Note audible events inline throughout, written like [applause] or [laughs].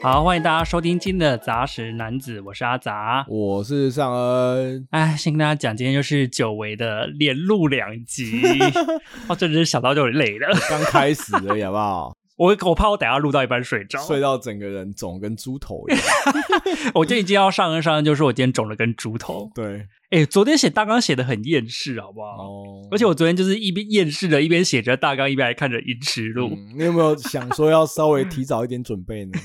好，歡迎大家收聽今天的雜食男子，我是阿雜，我是尚恩。哎，先跟大家講，今天就是久違的連錄兩集，我、 [laughs] [laughs] 哦、真的是想到就累了，剛開始而已， [laughs] 好不好？我我怕我等下錄到一半睡着，睡到整個人腫跟豬頭一樣。 [laughs] 我今天要上分上分，就是我今天腫了跟豬頭。 [laughs] 對，哎、欸，昨天寫大綱寫得很厭世，好不好？哦、oh.，而且我昨天就是一邊厭世的一邊寫着大綱，一邊還看着《陰屍路》。你有沒有想說要稍微提早一點準備呢？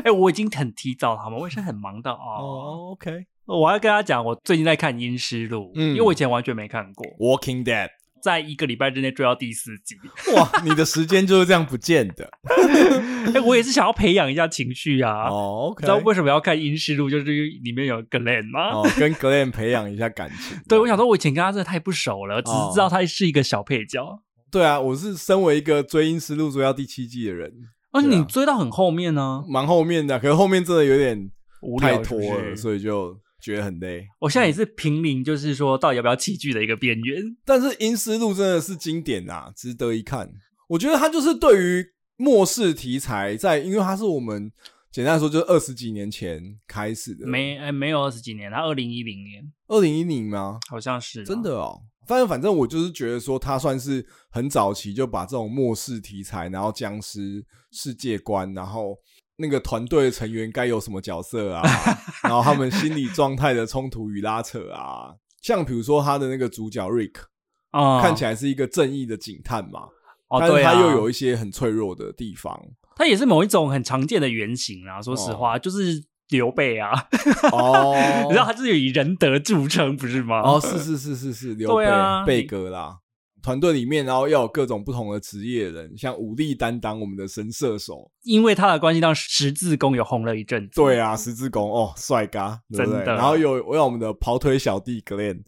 哎、 [laughs] 欸，我已經很提早了，好嗎？我也是很忙的啊。哦、oh,，OK，我還要跟他講，我最近在看《陰屍路》，因為我以前完全沒看過《Walking Dead》。在一個禮拜之內追到第四集， [laughs] 哇！你的時間就是這樣不見的。哎、 [laughs] [laughs] 欸，我也是想要培養一下情緒啊。哦、okay，你知道為什麼要看《陰屍路》，就是因為裡面有 Glenn 嗎？ [laughs] 哦，跟 Glenn 培養一下感情。對，我想說，我以前跟他真的太不熟了，哦，只是知道他是一個小配角。對啊，我是身為一個追《陰屍路》追到第七季的人，啊，而且你追到很後面呢？啊，蠻後面的。可是後面真的有點太拖了，無聊。是是，所以就。覺得很累，我現在也是瀕臨，就是說到底要不要棄劇的一個邊緣、嗯。但是《陰屍路》真的是經典啊，值得一看。我覺得它就是對於末世題材在，在因為它是我們簡單來說就是二十幾年前開始的，沒、欸、沒有二十幾年，它二零一零年，二零一零嗎？好像是、啊、真的哦。反正反正我就是覺得說，它算是很早期就把這種末世題材，然後僵屍世界觀，然後。那個團隊的成員該有什麼角色啊？ [laughs] 然後他們心理狀態的衝突與拉扯啊，像比如說他的那個主角 Rick、嗯、看起來是一個正義的警探嘛，哦、但他又有一些很脆弱的地方、哦啊。他也是某一種很常見的原型啊，說實話、哦、就是劉備啊。 [laughs] 哦， [laughs] 你知道他是以仁德著稱，不是嗎？哦，是是是是是，劉備啊，備哥啦。團隊裡面，然後要有各種不同的職業人，像武力擔當我們的神射手，因為他的關係讓十字弓又紅了一陣。對啊，十字弓哦，帥哥，真的。然後有有我們的跑腿小弟 Glenn，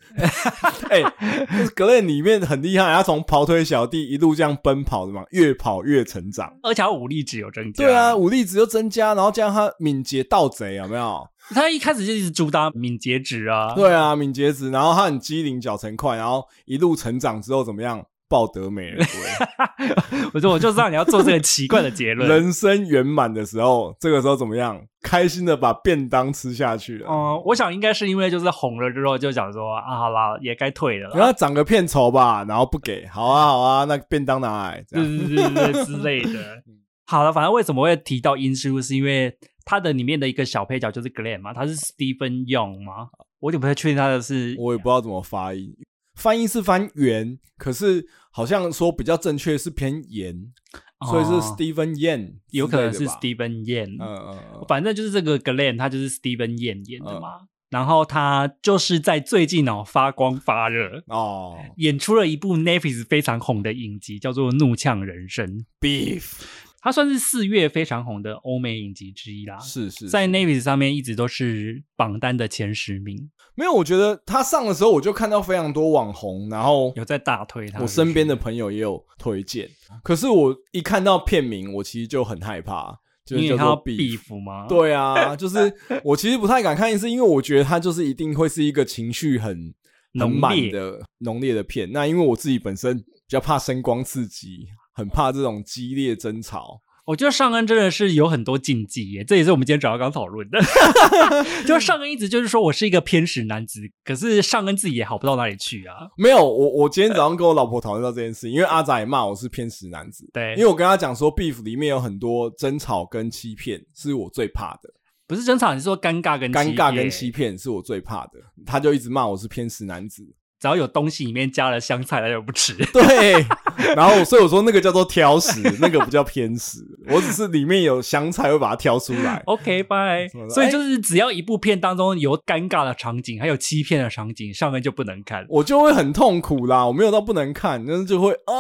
哎、 [laughs] [laughs] 欸就是、，Glenn 裡面很厲害，他從跑腿小弟一路這樣奔跑的嘛，越跑越成長，而且他武力值有增加。對啊，武力值又增加，然後加上他敏捷盜賊，有沒有？他一開始就一直主打敏捷值啊，對啊，敏捷值，然後他很機靈，腳程快，然後一路成長之後怎麼樣，抱得美了。我 [laughs] 說不會， [laughs] 我就知道你要做這個奇怪的結論。 [laughs] 人生圓滿的時候，這個時候怎麼樣，開心的把便當吃下去了。嗯，我想應該是因為就是紅了之後就想說啊，好啦，也該退了，然後長個片酬吧，然後不給，好啊，好啊，那便當拿來，這樣 [laughs] 對對對對對之類的。 [laughs] 好了，反正為什麼會提到陰屍路，是因為。他的裡面的一個小配角就是 Glenn 嘛，他是 Stephen Young 嗎？我就不太確定他的是。我也不知道怎麼發音，翻譯是翻元，可是好像說比較正確是偏言，哦、所以是 Stephen Yan，有可，可能是 Stephen Yan。嗯嗯，嗯，反正就是這個 Glenn，他就是 Stephen Yan 演的嘛、嗯。然後他就是在最近哦發光發熱哦，演出了一部 Netflix 非常紅的影集，叫做《怒嗆人生》Beef。它算是四月非常紅的歐美影集之一啦，是是，是，在 Netflix 上面一直都是榜單的前十名。沒有，我覺得它上的時候我就看到非常多網紅，然後有在大推它。我身邊的朋友也有推薦有推、就是，可是我一看到片名，我其實就很害怕，就是叫做 beef，beef 嗎？對啊，就是我其實不太敢看一次，是 [laughs] 因為我覺得它就是一定會是一個情緒很濃滿的濃烈，濃烈的片。那因為我自己本身比較怕聲光刺激。很怕這種激烈爭吵，我覺得上恩真的是有很多禁忌耶，這也是我們今天早上剛討論的。 [laughs] 就上恩一直就是說我是一個偏食男子，可是上恩自己也好不到哪裡去啊。沒有，我我今天早上跟我老婆討論到這件事情，因為阿雜也罵我是偏食男子，對，因為我跟他講說，beef 裡面有很多爭吵跟欺騙，是我最怕的。不是爭吵，你是說尷尬跟欺騙。尷尬跟欺騙是我最怕的。他就一直罵我是偏食男子。只要有東西裡面加了香菜，我就不吃。對， [laughs] 然後所以我說那個叫做挑食， [laughs] 那個不叫偏食。我只是裡面有香菜，我會把它挑出來。OK，拜。所以就是只要一部片當中有尷尬的場景，還有欺騙的場景，上面就不能看。欸，我就會很痛苦啦。我沒有到不能看，就是就會啊，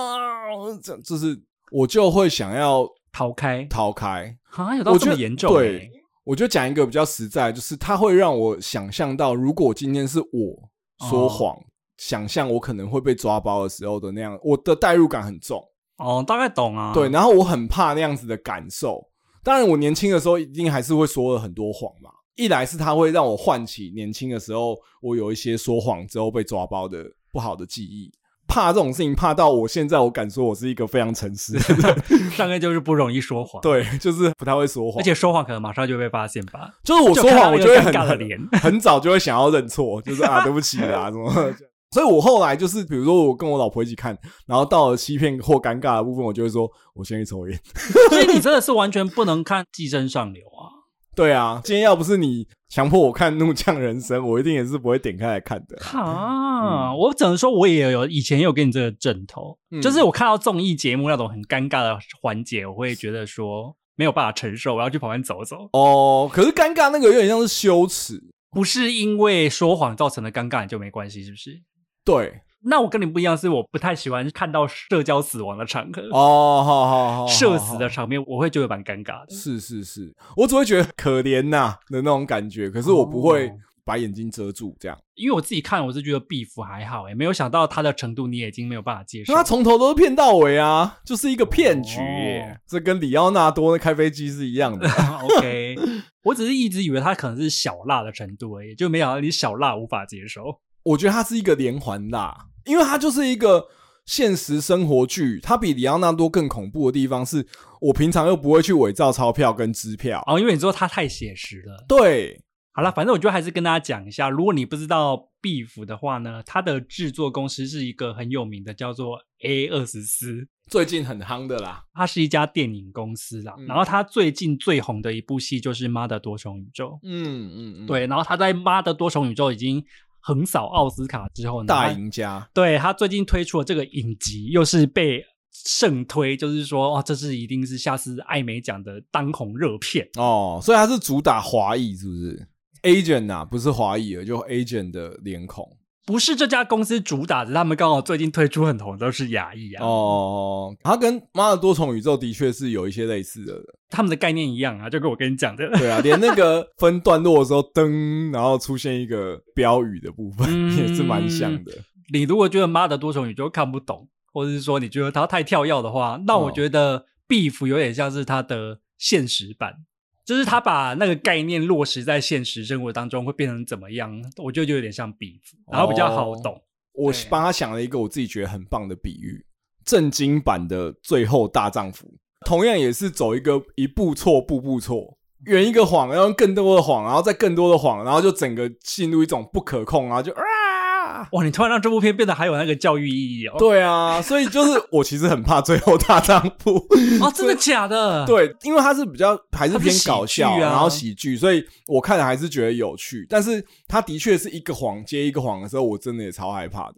這就是我就會想要逃開，逃開像有到這麼嚴重。欸？對，我就講一個比較實在，就是它會讓我想象到，如果今天是我、哦、說謊。想象我可能會被抓包的時候的那樣，我的代入感很重。哦，大概懂啊。對，然後我很怕那樣子的感受。當然，我年輕的時候一定還是會說了很多謊嘛。一來是它會讓我喚起年輕的時候我有一些說謊之後被抓包的不好的記憶，怕這種事情怕到我現在，我敢說我是一個非常誠實的人，的 [laughs] 上面就是不容易說謊，對，就是不太會說謊，而且說謊可能馬上就被發現吧。就是我說謊，我就會很可憐， [laughs] 很早就會想要認錯，就是啊，對不起啦、啊，什麼。所以我後來就是，比如說我跟我老婆一起看，然後到了欺騙或尷尬的部分，我就會說：“我先去抽煙。 [laughs] ”所以你真的是完全不能看《寄生上流》啊？ [laughs] 對啊，今天要不是你強迫我看《怒嗆人生》，我一定也是不會點開來看的啊。啊、嗯，我只能說我也有以前也有給你這個枕頭、嗯，就是我看到綜藝節目那種很尷尬的環節，我會覺得說沒有辦法承受，我要去旁邊走一走。哦，可是尷尬那個有點像是羞恥，不是因為說謊造成的尷尬就沒關係，是不是？對，那我跟你不一樣，是我不太喜歡看到社交死亡的場合哦，好好好，社死的場面我會覺得蠻尷尬的。是是是，我只會覺得可憐吶、啊、的那種感覺。可是我不會把眼睛遮住這樣，oh, oh. 因為我自己看，我是覺得 Beef 還好、欸，哎，沒有想到他的程度，你也已經沒有辦法接受。那從頭都是騙到尾啊，就是一個騙局、欸。Oh, oh. 這跟李奧納多的開飛機是一樣的。 [laughs] OK， [laughs] 我只是一直以為他可能是小辣的程度而已，就沒想到你小辣無法接受。我覺得它是一個連環啦、啊，因為它就是一個現實生活劇。它比里昂納多更恐怖的地方是，我平常又不會去偽造鈔票跟支票。哦，因為你知道它太寫實了。對，好啦，反正我就還是跟大家講一下，如果你不知道 Beef 的話呢，它的製作公司是一個很有名的，叫做 A24，最近很夯的啦。它是一家電影公司啦，嗯、然後它最近最紅的一部戲就是《媽的多重宇宙》嗯。嗯嗯，對，然後它在《媽的多重宇宙》已經。橫掃奧斯卡之後呢，大贏家。他對他最近推出了這個影集，又是被盛推，就是說，哇、哦，這次一定是下次艾美獎的當紅熱片哦。所以他是主打華裔，是不是 Asian 吶、啊，不是華裔，而就 Asian 的臉孔。不是這家公司主打的，他們剛好最近推出很紅，都是亞裔啊。哦，它跟《媽的多重宇宙》的確是有一些類似的，他們的概念一樣啊，就跟我跟你講的。對啊，連那個分段落的時候， [laughs] 噔，然後出現一個標語的部分、嗯、也是蠻像的。你如果覺得《媽的多重宇宙》看不懂，或者是說你覺得它太跳躍的話，那我覺得《BEEF》有點像是它的現實版。就是他把那個概念落實在現實生活當中會變成怎麼樣？我覺得就有點像比然後比較好懂。哦、我幫他想了一個我自己覺得很棒的比喻，正經版的最後大丈夫，同樣也是走一個一步錯步步錯，圓一個謊，然後更多的謊，然後再更多的謊，然後就整個進入一種不可控啊，就。哇！你突然讓這部片變得還有那個教育意義哦。對啊，所以就是我其實很怕最後大丈夫。 [laughs] [laughs] 啊，真的假的？對，因為它是比較還是偏搞笑，啊、然後喜劇，所以我看了還是覺得有趣。但是它的確是一個謊接一個謊的時候，我真的也超害怕的。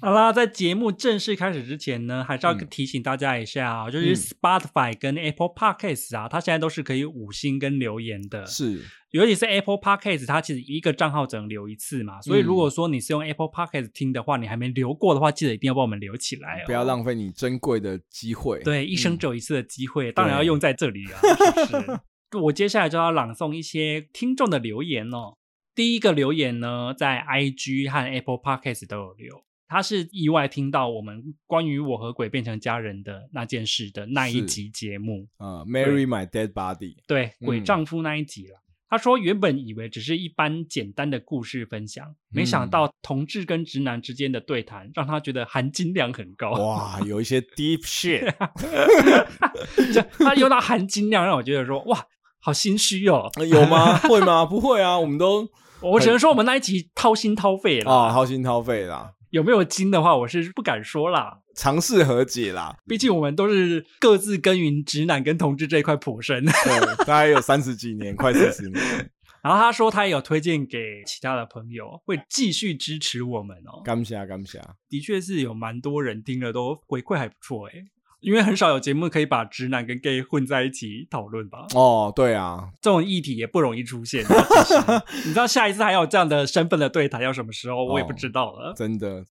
好、啊、啦，在節目正式開始之前呢，還是要提醒大家一下啊、嗯，就是 Spotify 跟 Apple Podcast 啊、嗯，它現在都是可以五星跟留言的。是，尤其是 Apple Podcast，它其實一個賬號只能留一次嘛，所以如果說你是用 Apple Podcast 聽的話，你還沒留過的話，記得一定要幫我們留起來，哦。不要浪費你珍貴的機會。對、嗯，一生只有一次的機會，當然要用在這裡啊。是，是， [laughs] 我接下來就要朗誦一些聽眾的留言哦。第一個留言呢，在 IG 和 Apple Podcast 都有留。他是意外聽到我們關於我和鬼變成家人的那件事的那一集節目啊、嗯、，Marry My Dead Body，對、嗯、對鬼丈夫那一集了。他說原本以為只是一般簡單的故事分享，嗯、沒想到同志跟直男之間的對談，讓他覺得含金量很高。哇，有一些 deep shit， [laughs] [laughs] 他用到含金量讓我覺得說哇，好心虛哦。 [laughs] 有嗎？會嗎？不會啊，我們都我只能說我們那一集掏心掏肺了啊，掏心掏肺了。有沒有金的話，我是不敢說啦。嘗試和解啦，畢竟我們都是各自耕耘直男跟同志這一塊普生，對，大概有三十幾年， [laughs] 快四十年。然後他說他也有推薦給其他的朋友，會繼續支持我們哦、喔。感謝啊，感謝啊，的確是有蠻多人聽了都回饋還不錯欸因為很少有節目可以把直男跟 gay 混在一起討論吧？哦、oh,，對啊，這種議題也不容易出現。 [laughs] 你知道下一次還有這樣的身份的對談要什麼時候？Oh, 我也不知道了。真的。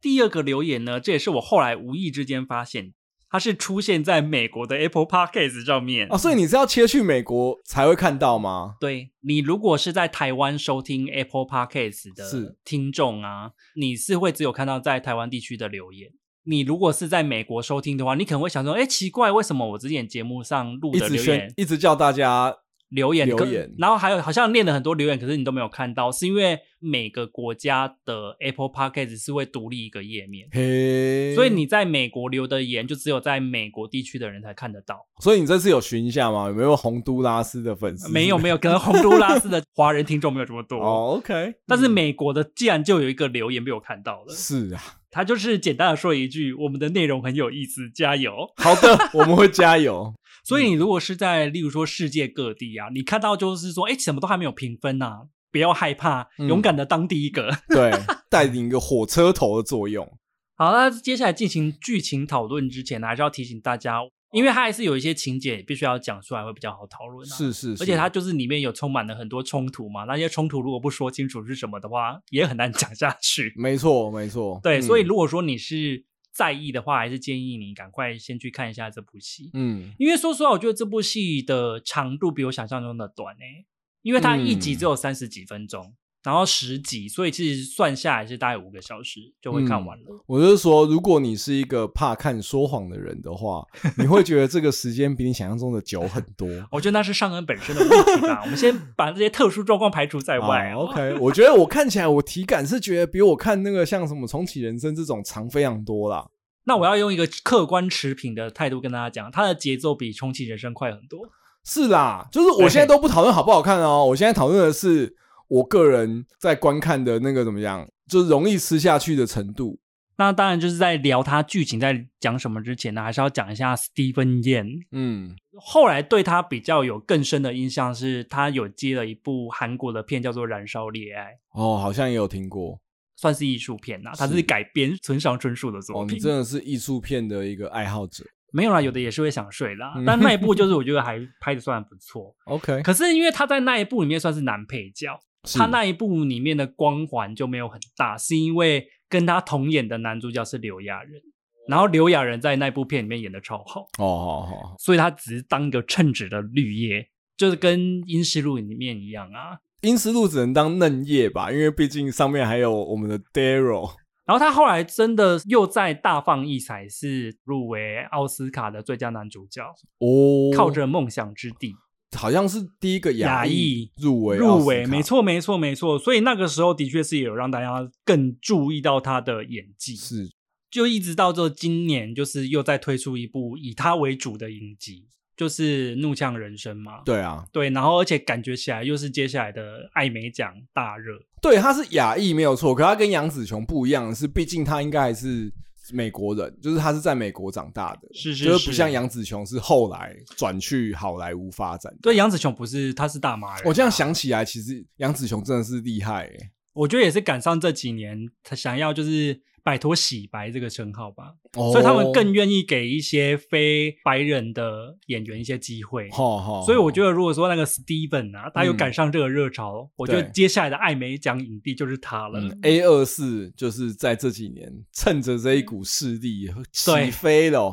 第二個留言呢，這也是我後來無意之間發現，它是出現在美國的 Apple Podcast 上面哦，oh, 所以你是要切去美國才會看到嗎？對，你如果是在台灣收聽 Apple Podcast 的聽眾啊，你是會只有看到在台灣地區的留言。你如果是在美國收聽的話，你可能會想說：哎、欸，奇怪，為什麼我之前節目上錄的留言一直,一直叫大家留言留言，然後還有好像練了很多留言，可是你都沒有看到，是因為每個國家的 Apple Podcast 是會獨立一個頁面嘿，所以你在美國留的言就只有在美國地區的人才看得到。所以你這次有尋一下嗎？有沒有洪都拉斯的粉絲？沒有，沒有，可能洪都拉斯的華人聽眾沒有這麼多。 [laughs] oh, OK，但是美國的、嗯、既然就有一個留言被我看到了，是啊。他就是簡單的說一句，我們的內容很有意思，加油！ [laughs] 好的，我們會加油。 [laughs] 所以，你如果是在，例如說世界各地啊，嗯、你看到就是說，哎、欸，什麼都還沒有評分啊，不要害怕、嗯，勇敢的當第一個， [laughs] 對，帶領一個火車頭的作用。 [laughs] 好了，那接下來進行劇情討論之前呢，還是要提醒大家。因為它還是有一些情節必須要講出來，會比較好討論啊。是是是，而且它就是裡面有充滿了很多衝突嘛，那些衝突如果不說清楚是什麼的話，也很難講下去。沒錯沒錯，對，嗯，所以如果說你是在意的話，還是建議你趕快先去看一下這部戲。嗯，因為說實話，我覺得這部戲的長度比我想象中的短欸，因為它一集只有三十幾分鐘。嗯然後十集，所以其實算下來是大概五個小時就會看完了。嗯、我就是說，如果你是一個怕看說謊的人的話， [laughs] 你會覺得這個時間比你想象中的久很多。 [laughs] 我覺得那是上恩本身的問題啦。 [laughs] 我們先把這些特殊狀況排除在外、啊。啊、 [laughs] OK，我覺得我看起來，我體感是覺得比我看那個像什麼重啟人生這種長非常多啦。 [laughs] 那我要用一個客觀持平的態度跟大家講，它的節奏比重啟人生快很多。是啦，就是我現在都不討論好不好看哦，我現在討論的是。我個人在觀看的那個怎麼樣，就是容易吃下去的程度。那當然就是在聊它劇情在講什麼之前呢，還是要講一下 Steven Yeun。嗯，後來對他比較有更深的印象是他有接了一部韓國的片，叫做《燃燒戀愛》。哦，好像也有聽過，算是藝術片吶、啊。它是改編村上春樹的作品、哦。你真的是藝術片的一個愛好者。沒有啦，有的也是會想睡啦。嗯、但那一部就是我覺得還拍得算不錯。OK， [laughs] 可是因為他在那一部裡面算是男配角。他那一部裡面的光環就沒有很大，是因為跟他同演的男主角是劉亞仁，然後劉亞仁在那部片裡面演的超好哦哦哦，所以他只是當一個稱職的綠葉，就是跟陰屍路裡面一樣啊。陰屍路只能當嫩葉吧，因為畢竟上面還有我們的 Daryl，然後他後來真的又再大放異彩，是入圍奧斯卡的最佳男主角哦，靠着《夢想之地》。好像是第一個亞裔入圍，入圍，沒錯，沒錯，沒錯。所以那個時候的確是也有讓大家更注意到他的演技，是。就一直到這今年，就是又再推出一部以他為主的影集，就是《怒嗆人生》嘛。對啊，對，然後而且感覺起來又是接下來的艾美獎大熱。對，他是亞裔沒有錯，可他跟楊紫瓊不一樣，是畢竟他應該還是。美國人，就是他是在美國長大的，是是是，就是不像楊紫瓊是後來轉去好萊塢發展的。對，楊紫瓊不是，她是大媽人啊。我這樣想起來，其實楊紫瓊真的是厲害欸。我覺得也是趕上這幾年，她想要就是。擺脫洗白這個稱號吧，oh, 所以他們更願意給一些非白人的演員一些機會。Oh, oh, oh, oh. 所以我覺得，如果說那個 Steven 啊，他又趕上這個熱潮，嗯，我覺得接下來的艾美獎影帝就是他了。A 二四就是在這幾年趁着這一股勢力起飛了。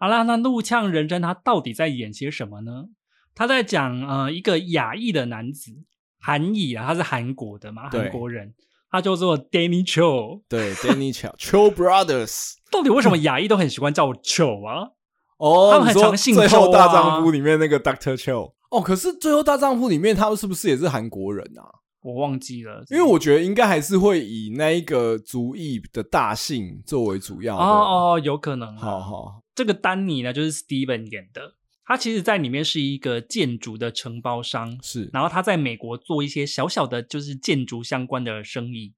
好，啊，那怒嗆人生他到底在演些什麼呢？他在講呃一個亞裔的男子韓裔啊，他是韓國的嘛，韓國人。他叫做 Danny Cho，對 [laughs] Danny Cho，Cho Brothers。到底為什麼亞裔都很喜歡叫我 Cho 啊？哦、oh,，他們很常姓。最後大丈夫裡面那個 Doctor Cho。哦、oh,，可是最後大丈夫裡面他們是不是也是韓國人啊？我忘記了，因為我覺得應該還是會以那一個族裔的大姓作為主要。哦哦，oh, oh, oh, 有可能、啊。好好，這個丹尼呢，就是 Steven 演的。他其實在裡面是一個建築的承包商，是。然後他在美國做一些小小的就是建築相關的生意。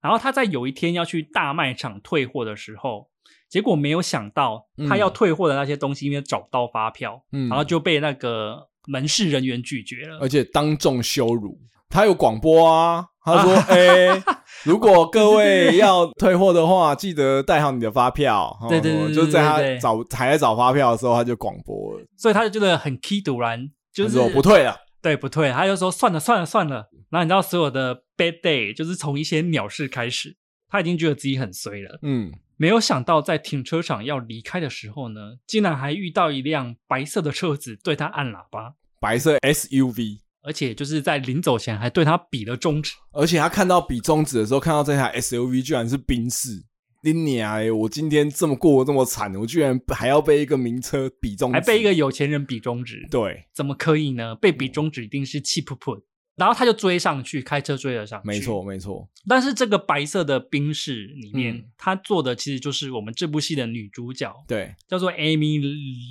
然後他在有一天要去大賣場退貨的時候，結果沒有想到他要退貨的那些東西因為找不到發票，嗯，然後就被那個門市人員拒絕了，而且當眾羞辱。他有廣播啊，他說：“哎、 [laughs] 欸，如果各位要退貨的話， [laughs] 記得帶好你的發票。 [laughs] ”對對、對、對、對、嗯，就在他找還在找發票的時候，他就廣播了。所以他就覺得很 key 獨然，就是我不退了，對，不退，他就說算了算了算了。然後你知道所有的 bad day 就是從一些鳥事開始，他已經覺得自己很衰了。嗯，沒有想到在停車場要離開的時候呢，竟然還遇到一輛白色的車子對他按喇叭，白色 SUV。而且就是在臨走前還對他比了中指，而且他看到比中指的時候，看到這台 SUV 居然是賓士。你娘咧！我今天這麼過得這麼慘？我居然還要被一個名車比中指，還被一個有錢人比中指。對，怎麼可以呢？被比中指一定是 cheap put, 然後他就追上去，開車追了上去。沒錯，沒錯。但是這個白色的賓士裡面，他、嗯、做的其實就是我們這部戲的女主角，對，叫做 Amy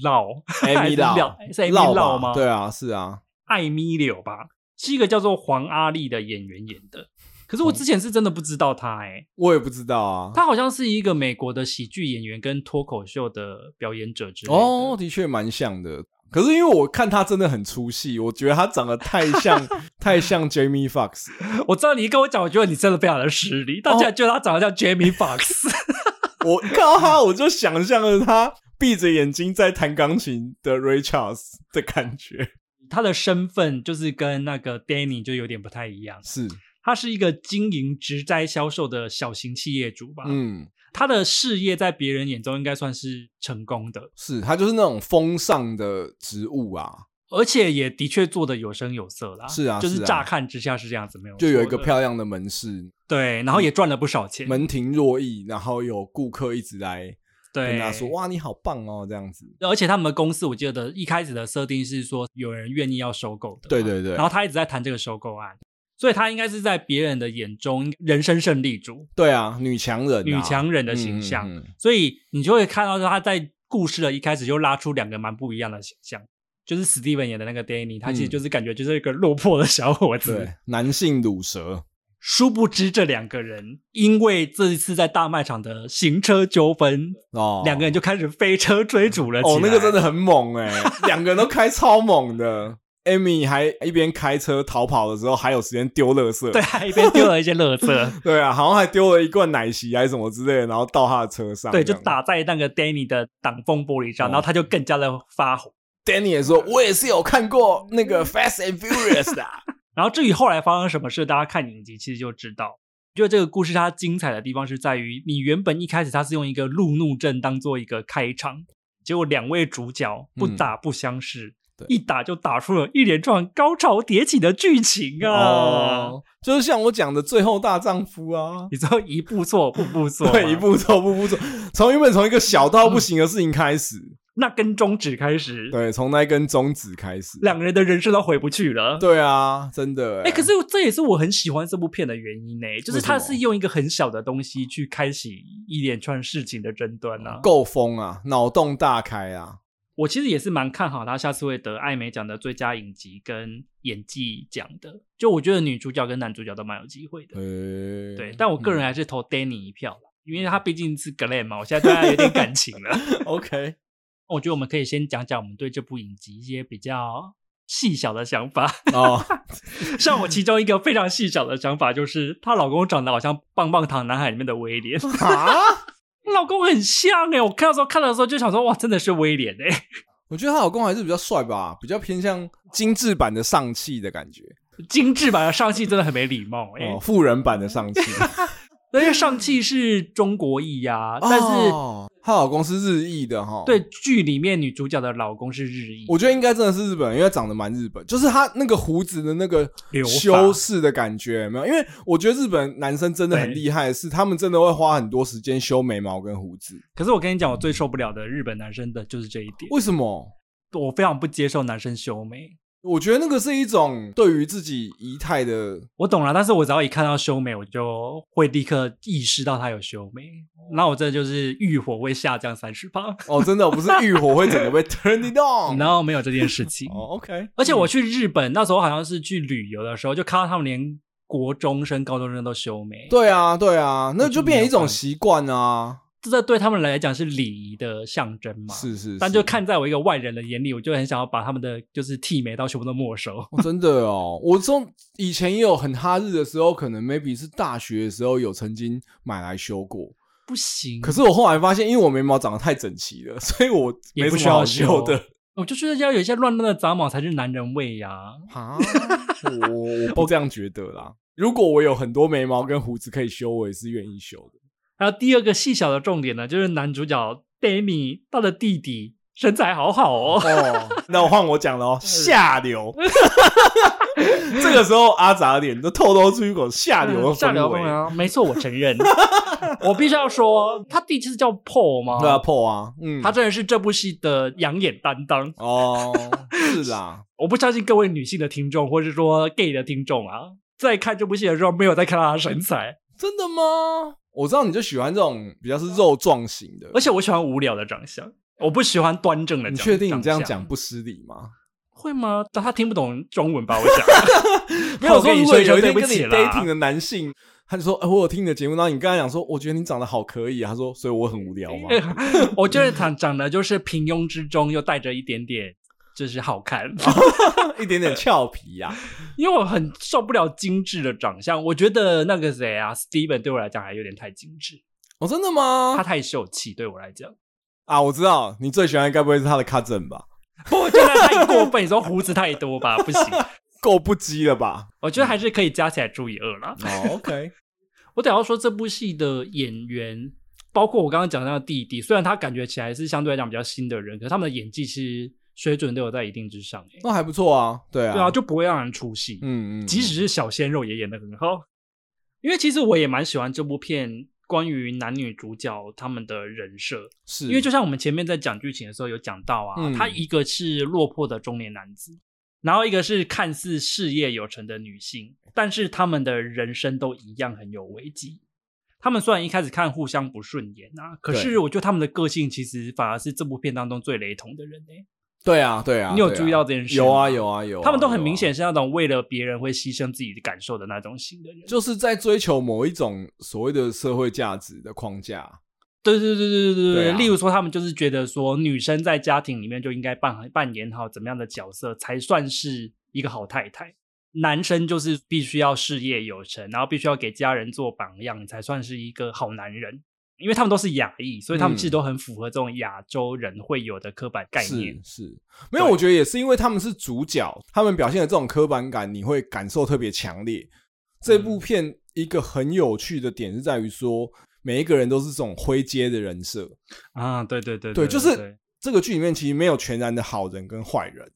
Lau，Amy Lau，是 Amy Lau, [laughs] 還在 Lau, Lau, Lau 嗎？對啊，是啊。艾米柳吧，是一個叫做黃阿麗的演員演的。可是我之前是真的不知道他，欸、哎、哦，我也不知道啊。他好像是一個美國的喜劇演員跟脫口秀的表演者之類的哦，的確蠻像的。可是因為我看他真的很出戲，我覺得他長得太像 [laughs] 太像 Jamie Foxx。我知道你跟我講，我覺得你真的非常的實力，大家覺得他長得像 Jamie Foxx。 [laughs] 我看到他，我就想象了他閉着眼睛在彈鋼琴的 Ray Charles 的感覺。他的身份就是跟那個 Danny 就有點不太一樣，是，他是一個經營植栽銷售的小型企業主吧。嗯，他的事業在別人眼中應該算是成功的。是，他就是那種風尚的植物啊，而且也的確做得有聲有色啦。是啊，就是乍看之下是這樣子，沒有就有一個漂亮的門市，對，然後也賺了不少錢，門庭若奕，然後有顧客一直來。對，跟說哇，你好棒哦，這樣子。而且他們的公司，我記得一開始的設定是說有人願意要收購的。對對對。然後他一直在談這個收購案，所以他應該是在別人的眼中，人生勝利主人生勝利組。對啊，女強人、啊，女強人的形象、嗯嗯。所以你就會看到他在故事的一開始就拉出兩個蠻不一樣的形象，就是史蒂芬演的那個 Danny，他其實就是感覺就是一個落魄的小伙子，對男性魯蛇。殊不知，這兩個人因為這一次在大賣場的行車糾紛，哦，兩個人就開始飛車追逐了。哦，那個真的很猛哎、欸， [laughs] 兩個人都開超猛的。 [laughs] Amy 還一邊開車逃跑的時候，還有時間丟樂色。對、啊，還一邊丟了一些樂色。 [laughs] 對啊，好像還丟了一罐奶昔還是什麼之類的，然後到他的車上。對，就打在那個 Danny 的擋風玻璃上，哦、然後他就更加的發火。Danny 也說：“ [laughs] 我也是有看過那個《Fast and Furious》的啊。”然後至於後來發生什麼事，大家看影集其實就知道。就這個故事它精彩的地方是在於，你原本一開始它是用一個路怒症當做一個開場，結果兩位主角不打不相識、嗯，對，一打就打出了一連串高潮迭起的劇情啊！哦、就是像我講的最後大丈夫啊，你知道一步錯步步錯， [laughs] 對，一步錯步步錯，從原本從一個小到不行的事情開始。嗯那，跟那根中指開始，對，從那根中指開始，兩個人的人生都回不去了。對啊，真的、欸。哎、欸，可是這也是我很喜歡這部片的原因呢、欸，就是他是用一個很小的東西去開啟一連串事情的爭端啊，夠、嗯、瘋啊，腦洞大開啊。我其實也是蠻看好他下次會得艾美獎的最佳影集跟演技獎的，就我覺得女主角跟男主角都蠻有機會的。誒、欸，對，但我個人還是投 Danny 一票、嗯，因為他畢竟是 Glenn 嘛，我現在對他有點感情了。 [laughs] OK。我覺得我們可以先講講我們對這部影集一些比較細小的想法哦。 [laughs] 像我其中一個非常細小的想法就是，她老公長得好像《棒棒堂男孩》裡面的威廉啊， [laughs] 老公很像哎、欸。我看到時候看到的時候就想說，哇，真的是威廉哎、欸。我覺得她老公還是比較帥吧，比較偏向精緻版的尚氣的感覺。精緻版的尚氣真的很沒禮貌、欸、哦，富人版的尚氣，那 [laughs] 些尚氣是中國裔呀、啊， [laughs] 但是。哦她老公是日裔的哈，對，劇裡面女主角的老公是日裔，我覺得應該真的是日本人，因為長得蠻日本，就是他那個鬍子的那個修飾的感覺沒有，因為我覺得日本男生真的很厲害的是，是他們真的會花很多時間修眉毛跟鬍子。可是我跟你講，我最受不了的日本男生的就是這一點。為什麼？我非常不接受男生修眉。我覺得那個是一種對於自己儀態的，我懂了。但是我只要一看到修眉，我就會立刻意識到他有修眉，那我真的就是浴火會下降三十趴。哦，真的，我不是浴火會整個被 turn it on， [laughs] 然後沒有這件事情。 [laughs] Oh, OK，而且我去日本那時候好像是去旅遊的時候，就看到他們連國中生、高中生都修眉。對啊，對啊，那就變成一種習慣啊。這對他們來講是禮儀的象徵嘛？是是，是，但就看在我一個外人的眼裡，我就很想要把他們的就是剃眉刀全部都沒收。哦，真的哦，我從以前也有很哈日的時候，可能 maybe 是大學的時候有曾經買來修過。不行。可是我後來發現，因為我眉毛長得太整齊了，所以我沒也不需要修的。我就覺得要有一些亂亂的雜毛才是男人味呀。啊，哈 [laughs] 我我不這樣覺得啦。 [laughs] 如果我有很多眉毛跟胡子可以修，我也是願意修的。然後第二個細小的重點呢，就是男主角 Danny 他的弟弟，身材好好哦。哦，那我換我講哦，下流。 [laughs] [laughs] 這個時候阿雜臉都偷偷出一口下流的氛圍。下流啊，沒錯，我承認。 [laughs] 我必須要說，他弟弟是叫 Paul 嗎？對啊 Paul 啊，嗯，他真的是這部戲的養眼擔當哦。是啊， [laughs] 我不相信各位女性的聽眾，或者說 gay 的聽眾啊，在看這部戲的時候沒有在看他的身材。 [laughs] 真的嗎？我知道你就喜歡這種比較是肉壯型的，而且我喜歡無聊的長相，我不喜歡端正的長相。你確定你這樣講不失禮嗎？會嗎？但他聽不懂中文吧？我講沒 [laughs] 有說， [laughs] [laughs] 有說 [laughs] 如果有一天跟你 dating 的男性， [laughs] 他就說、欸：“我有聽你的節目，然後你跟他講說，我覺得你長得好可以啊。”他說：“所以我很無聊嗎？” [laughs] [laughs] 我覺得他長得就是平庸之中又帶着一點點。就是好看，一點點俏皮呀， [laughs] 因為 [laughs] 因為我很受不了精致的長相。我覺得那個誰啊，Steven 對我來講還有點太精致。我、哦、真的嗎？他太秀氣對我來講啊，我知道你最喜歡該不會是他的 cousin 吧？不，覺得太過分，你 [laughs] 說胡子太多吧，不行，夠不羈了吧？我覺得還是可以加起來除以二了。嗯 [laughs] oh, OK，我得要說這部戲的演員，包括我剛剛講的那個弟弟，雖然他感覺起來是相對來講比較新的人，可是他們的演技其實。水準都有在一定之上。欸，那、哦，還不錯啊，對啊，對啊，就不會讓人出戲，嗯，嗯嗯，即使是小鮮肉也演得很好。因為其實我也蠻喜歡這部片，關於男女主角他們的人設，是因為就像我們前面在講劇情的時候有講到啊、嗯，他一個是落魄的中年男子，然後一個是看似事業有成的女性，但是他們的人生都一樣很有危機。他們雖然一開始看互相不順眼啊，可是我覺得他們的個性其實反而是這部片當中最雷同的人、欸。對啊，對啊，對啊，你有注意到這件事？有啊，有啊，有啊。他們都很明顯是那種為了別人會犧牲自己的感受的那種型的人，就是在追求某一種所謂的社會價值的框架。對對對對對對對。對啊、例如說，他們就是覺得說，女生在家庭裡面就應該扮扮演好怎麼樣的角色，才算是一個好太太；男生就是必須要事業有成，然後必須要給家人做榜樣，才算是一個好男人。因為他們都是亞裔，所以他們其實都很符合這種亞洲人會有的刻板概念。嗯、是，是。沒有，我覺得也是因為他們是主角，他們表現的這種刻板感，你會感受特別強烈、嗯。這部片一個很有趣的點是在於說，每一個人都是這種灰階的人設啊，對對對對，對，對，就是這個劇裡面其實沒有全然的好人跟壞人，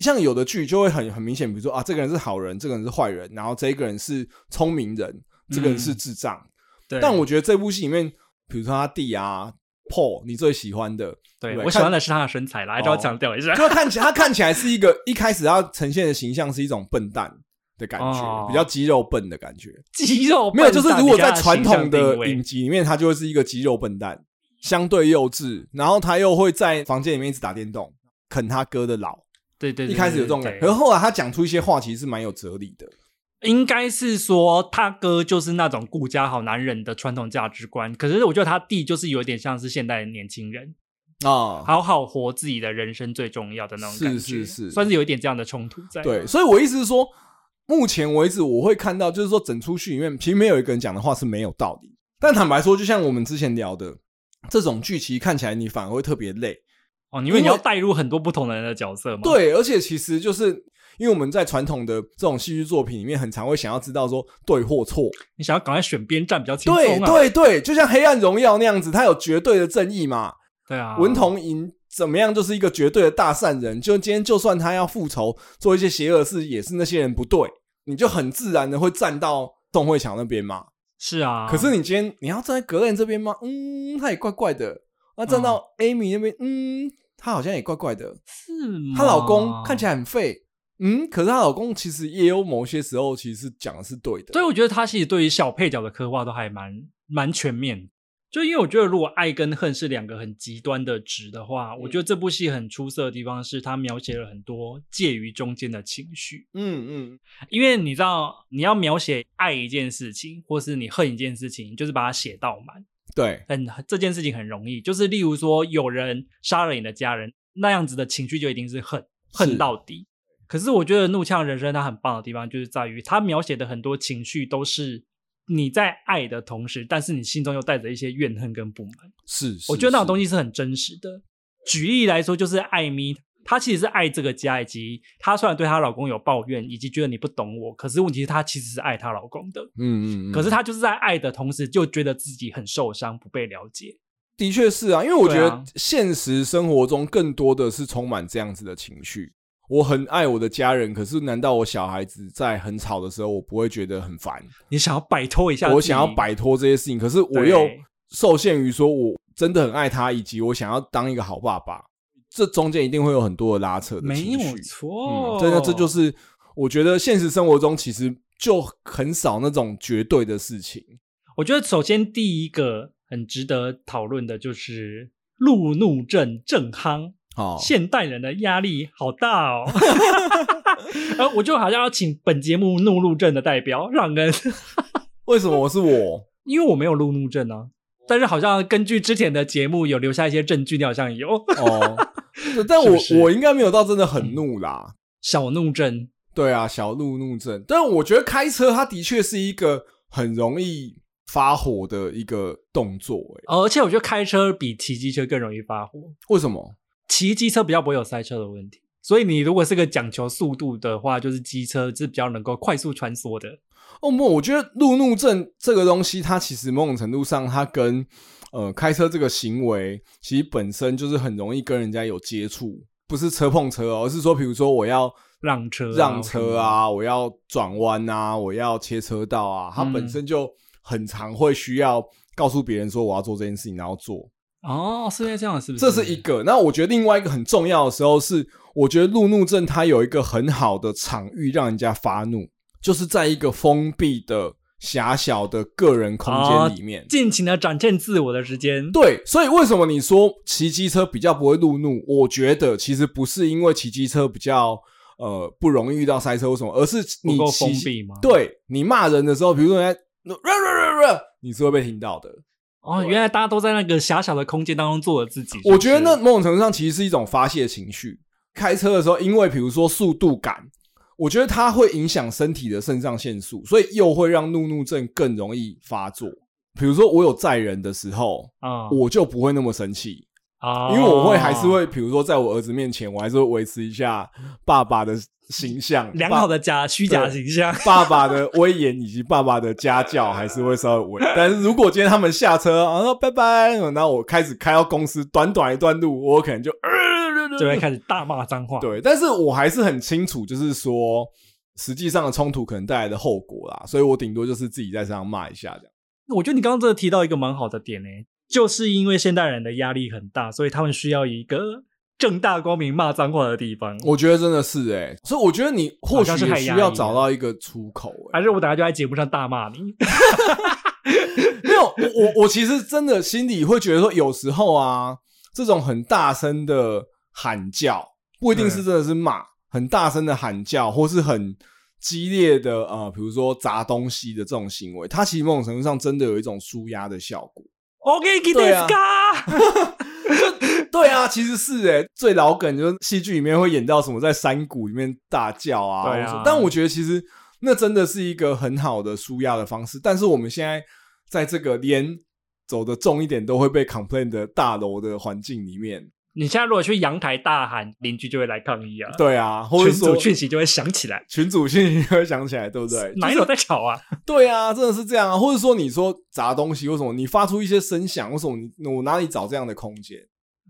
像有的劇就會很很明顯，比如說啊，這個人是好人，這個人是壞人，然後這一個人是聰明人、嗯，這個人是智障。對。但我覺得這部戲裡面。比如說他弟啊 Paul，你最喜歡的？對，對對我喜歡的是他的身材啦，來，我再強調一次，他看起來 [laughs] 他看起來是一個一開始他呈現的形象是一種笨蛋的感覺，哦、比較肌肉笨的感覺，肌肉笨沒有，就是如果在傳統的影集裡面，他就會是一個肌肉笨蛋，相對幼稚，然後他又會在房間裡面一直打電動，啃他哥的老，對對、對、對、對、對、對、對、對、對，一開始有這種感覺，可是後來他講出一些話，其實是蠻有哲理的。應該是說他哥就是那種顧家好男人的傳統價值觀，可是我覺得他弟就是有點像是現代的年輕人啊、哦，好好活自己的人生最重要的那種感覺，是是是，算是有一點這樣的衝突在。對，所以我意思是說，目前為止我會看到，就是說整出戲裡面其實沒有一個人講的話是沒有道理。但坦白說，就像我們之前聊的，這種劇情看起來你反而會特別累哦，因為你要帶入很多不同的人的角色嘛。對，而且其實就是。因為我們在傳統的這種戲劇作品裡面，很常會想要知道說對或錯。你想要趕快選邊站比較輕鬆。對對對，就像《黑暗榮耀》那樣子，他有絕對的正義嘛？對啊，文童瑩怎麼樣就是一個絕對的大善人，就今天就算他要復仇做一些邪惡事，也是那些人不對，你就很自然的會站到宋慧喬那邊嘛。是啊，可是你今天你要站在格蘭這邊嗎？嗯，他也怪怪的。那站到艾米那邊，嗯，嗯，他好像也怪怪的。是嗎？她老公看起來很廢。嗯，可是她老公其實也有某些時候，其實是講的是對的。所以我覺得他其實對於小配角的刻畫都還蠻蠻全面。就因為我覺得，如果愛跟恨是兩個很極端的值的話，嗯、我覺得這部戲很出色的地方是，他描寫了很多介於中間的情緒。嗯嗯。因為你知道，你要描寫愛一件事情，或是你恨一件事情，就是把它寫到滿。對。很這件事情很容易，就是例如說，有人殺了你的家人，那樣子的情緒就一定是恨，是恨到底。可是我覺得《怒嗆人生》它很棒的地方，就是在於它描寫的很多情緒都是你在愛的同時，但是你心中又帶着一些怨恨跟不滿。是，是，是。我覺得那種東西是很真實的。舉例來說，就是艾米，她其實是愛這個家，以及她雖然對她老公有抱怨，以及覺得你不懂我，可是問題是她其實是愛她老公的。嗯嗯嗯。可是她就是在愛的同時，就覺得自己很受傷，不被了解。的確是啊，因為我覺得現實生活中更多的是充滿這樣子的情緒。我很愛我的家人，可是難道我小孩子在很吵的時候，我不會覺得很煩？你想要擺脫一下？我想要擺脫這些事情，可是我又受限於說，我真的很愛他，以及我想要當一個好爸爸，這中間一定會有很多的拉扯的情緒。沒有錯，真的。嗯，這就是我覺得現實生活中其實就很少那種絕對的事情。我覺得首先第一個很值得討論的就是路怒症正夯。哦，現代人的壓力好大哦！呃，我就好像要請本節目路怒症的代表，讓人 [laughs] 為什麼我是我？因為我沒有路怒症呢？啊，但是好像根據之前的節目有留下一些證據，你好像有哦。 [laughs] 但我是是我應該沒有到真的很怒啦，嗯、小怒症，對啊，小怒怒症。但我覺得開車它的確是一個很容易發火的一個動作，欸，而且我覺得開車比騎機車更容易發火，為什麼？騎機車比較不會有塞車的問題，所以你如果是個講求速度的話，就是機車是比較能夠快速穿梭的。哦，我我覺得路怒症這個東西，它其實某種程度上，它跟呃開車這個行為，其實本身就是很容易跟人家有接觸，不是車碰車，而是說，比如說我要讓車、啊、讓車啊，嗯、我要轉彎啊，我要切車道啊，它本身就很常會需要告訴別人說我要做這件事情，然後做。哦，是，是這樣，是不是？這是一個。那我覺得另外一個很重要的時候是，我覺得路怒症它有一個很好的場域，讓人家發怒，就是在一個封閉的、狹小的個人空間裡面，盡、哦、情的展現自我的時間。對，所以為什麼你說騎機車比較不會路怒？我覺得其實不是因為騎機車比較呃不容易遇到塞車或什麼，而是你封閉嗎？對你罵人的時候，比如說人家，你、嗯、你你是會被聽到的。哦、oh，原來大家都在那個狹小的空間當中做了自己。我覺得那某種程度上其實是一種發洩情緒。開車的時候，因為比如說速度感，我覺得它會影響身體的腎上腺素，所以又會讓路怒症更容易發作。比如說我有載人的時候啊，oh. 我就不會那麼生氣。啊，因為我會還是會，比如說在我兒子面前，我還是會維持一下爸爸的形象，良好的假虛假形象， [laughs] 爸爸的威嚴以及爸爸的家教還是會稍微穩 [laughs] 但是如果今天他們下車然後，哦、拜拜，那我開始開到公司短短一段路，我可能就就會開始大罵髒話。對，但是我還是很清楚，就是說實際上的衝突可能帶來的後果啦，所以我頂多就是自己在身上罵一下這樣。我覺得你剛剛這個提到一個蠻好的點呢，欸。就是因為現代人的壓力很大，所以他們需要一個正大光明罵髒話的地方。我覺得真的是誒、欸、所以我覺得你或許需要找到一個出口、欸，還，還是我等下就在節目上大罵你？ [laughs] [laughs] 沒有，我我我其實真的心裡會覺得說，有時候啊，這種很大聲的喊叫，不一定是真的是罵，很大聲的喊叫，或是很激烈的呃，比如說砸東西的這種行為，它其實某種程度上真的有一種舒壓的效果。我給你吉他。對啊， [laughs] 就 [laughs] 對啊 [laughs] 其實是誒、欸、最老梗就是戲劇裡面會演到什麼在山谷裡面大叫啊？對啊。但我覺得其實那真的是一個很好的舒壓的方式。但是我們現在在這個連走得重一點都會被 complain 的大樓的環境裡面。你現在如果去陽台大喊，鄰居就會來抗議啊！對啊，或者說群組訊息就會響起來，群組訊息就會響起來，對不對？哪一樓在吵啊、就是？對啊，真的是這樣啊！或者說你說砸東西，為什麼你發出一些聲響？為什麼我哪裡找這樣的空間？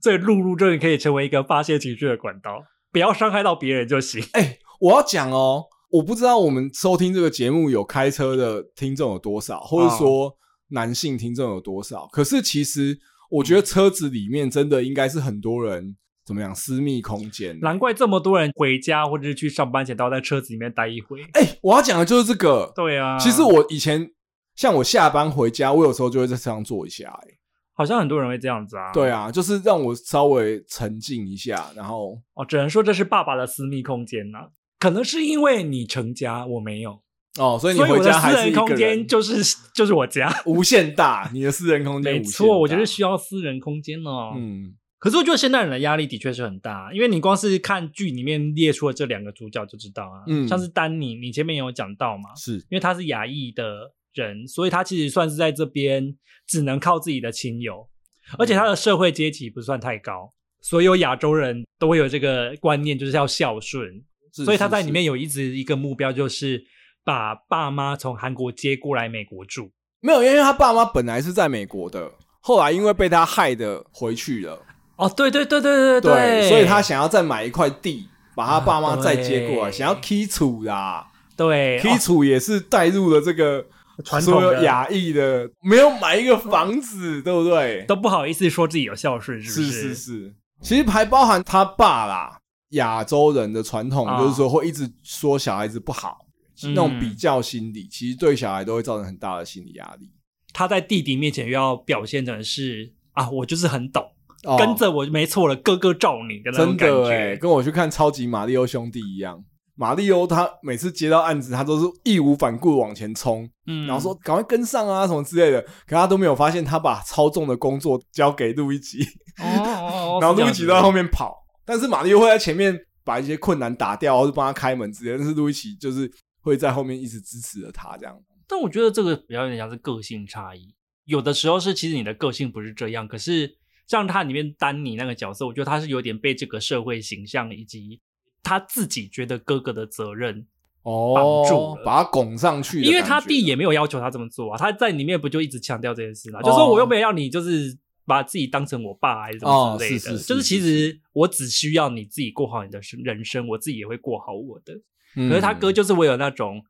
這路怒就可以成為一個發洩情緒的管道，不要傷害到別人就行。哎、欸，我要講哦，我不知道我們收聽這個節目有開車的聽眾有多少，或者說男性聽眾有多少、哦。可是其實。我覺得車子裡面真的應該是很多人怎麼樣私密空間，難怪這麼多人回家或者是去上班前都要在車子裡面待一會。哎、欸，我要講的就是這個。對啊，其實我以前像我下班回家，我有時候就會在車上坐一下。哎，好像很多人會這樣子啊。對啊，就是讓我稍微沉靜一下，然後哦，只能說這是爸爸的私密空間吶、啊。可能是因為你成家，我沒有。哦，所以你回家還是一個人？空間就是、就是、就是我家，無限大。你的私人空間，沒錯，我覺得需要私人空間哦。嗯，可是我覺得現代人的壓力的確是很大，因為你光是看劇裡面列出了這兩個主角就知道啊。嗯，像是丹尼，你前面也有講到嘛，是因為他是亞裔的人，所以他其實算是在這邊只能靠自己的親友，而且他的社會階級不算太高。所有亞洲人都會有這個觀念，就是要孝順，所以他在裡面有一直一個目標就是。把爸媽從韓國接過來美國住，沒有，因為他爸媽本來是在美國的，後來因為被他害的回去了。哦，對對對對對對，對，所以他想要再買一塊地，把他爸媽再接過來，啊、想要起厝啦。對，起厝也是帶入了這個傳統，有亞裔的，沒有買一個房子，對不對？都不好意思說自己有孝順，是不是，是是是。其實還包含他爸啦，亞洲人的傳統、哦、就是說會一直說小孩子不好。那種比較心理、嗯，其實對小孩都會造成很大的心理壓力。他在弟弟面前又要表現成是啊，我就是很懂，哦，跟着我就沒錯了。哥哥罩你，真的，欸、跟我去看《超級瑪麗歐兄弟》一樣。瑪麗歐他每次接到案子，他都是義無反顧往前衝，嗯，然後說趕快跟上啊什麼之類的。可他都沒有發現，他把超重的工作交給路易吉，哦哦哦 [laughs] 然後路易吉都在後面跑。是，但是瑪麗歐會在前面把一些困難打掉，或是幫他開門之類的。但是路易吉就是。會在後面一直支持着他這樣，但我覺得這個比較有點像是個性差異。有的時候是其實你的個性不是這樣，可是像他裡面丹尼那個角色，我覺得他是有點被這個社會形象以及他自己覺得哥哥的責任綁住哦，幫助把他拱上去。因為他弟也沒有要求他這麼做啊，他在裡面不就一直強調這件事啦、啊哦，就說、是、我又沒有要你就是把自己當成我爸還是什麼之類的、哦是是是是是，就是其實我只需要你自己過好你的人生，我自己也會過好我的。可是他哥就是會有那種，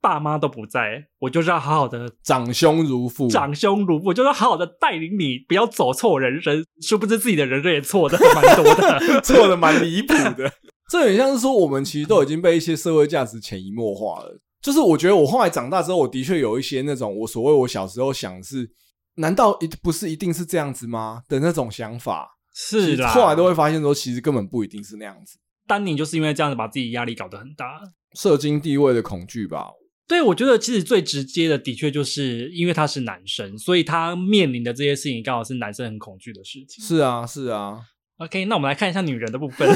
爸、嗯、媽都不在，我就是要好好的長兄如父，長兄如父我就是要好好的帶領你不要走錯人生，殊不知自己的人生也錯的蠻多的，錯的蠻離譜的。 [laughs] 這很像是說，我們其實都已經被一些社會價值潛移默化了。就是我覺得我後來長大之後，我的確有一些那種我所謂我小時候想的是，難道一不是一定是這樣子嗎？的那種想法是的，後來都會發現說，其實根本不一定是那樣子。丹尼就是因為這樣子把自己壓力搞得很大，社經地位的恐懼吧？對，我覺得其實最直接的，的確就是因為他是男生，所以他面臨的這些事情，剛好是男生很恐懼的事情。是啊，是啊。OK，那我們來看一下女人的部分，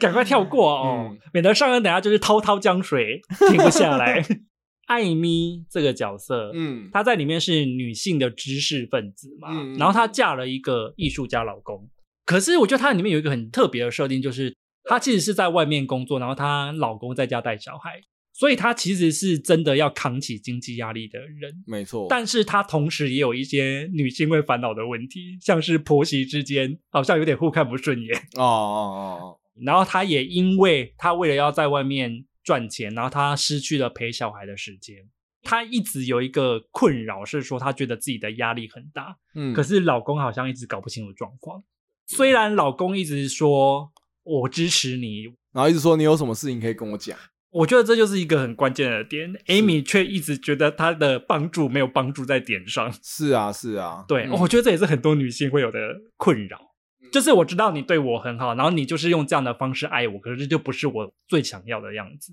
趕 [laughs] 快跳過哦， [laughs] 嗯、免得上岸等下就是滔滔江水停不下來。艾 [laughs] 米這個角色，嗯，她在裡面是女性的知識分子嘛，嗯、然後她嫁了一個藝術家老公，可是我覺得她裡面有一個很特別的設定，就是。她其實是在外面工作，然後她老公在家帶小孩，所以她其實是真的要扛起經濟壓力的人，沒錯。但是她同時也有一些女性會煩惱的問題，像是婆媳之間好像有點互看不順眼。哦哦哦哦。然後她也因為她為了要在外面賺錢，然後她失去了陪小孩的時間。她一直有一個困擾，是說她覺得自己的壓力很大，嗯。可是老公好像一直搞不清楚狀況，雖然老公一直說。我支持你，然後一直說你有什麼事情可以跟我講。我覺得這就是一個很關鍵的點，Amy 卻一直覺得她的幫助沒有幫助在點上。是啊，是啊，對、嗯，我覺得這也是很多女性會有的困擾，就是我知道你對我很好，然後你就是用這樣的方式愛我，可是這就不是我最想要的樣子。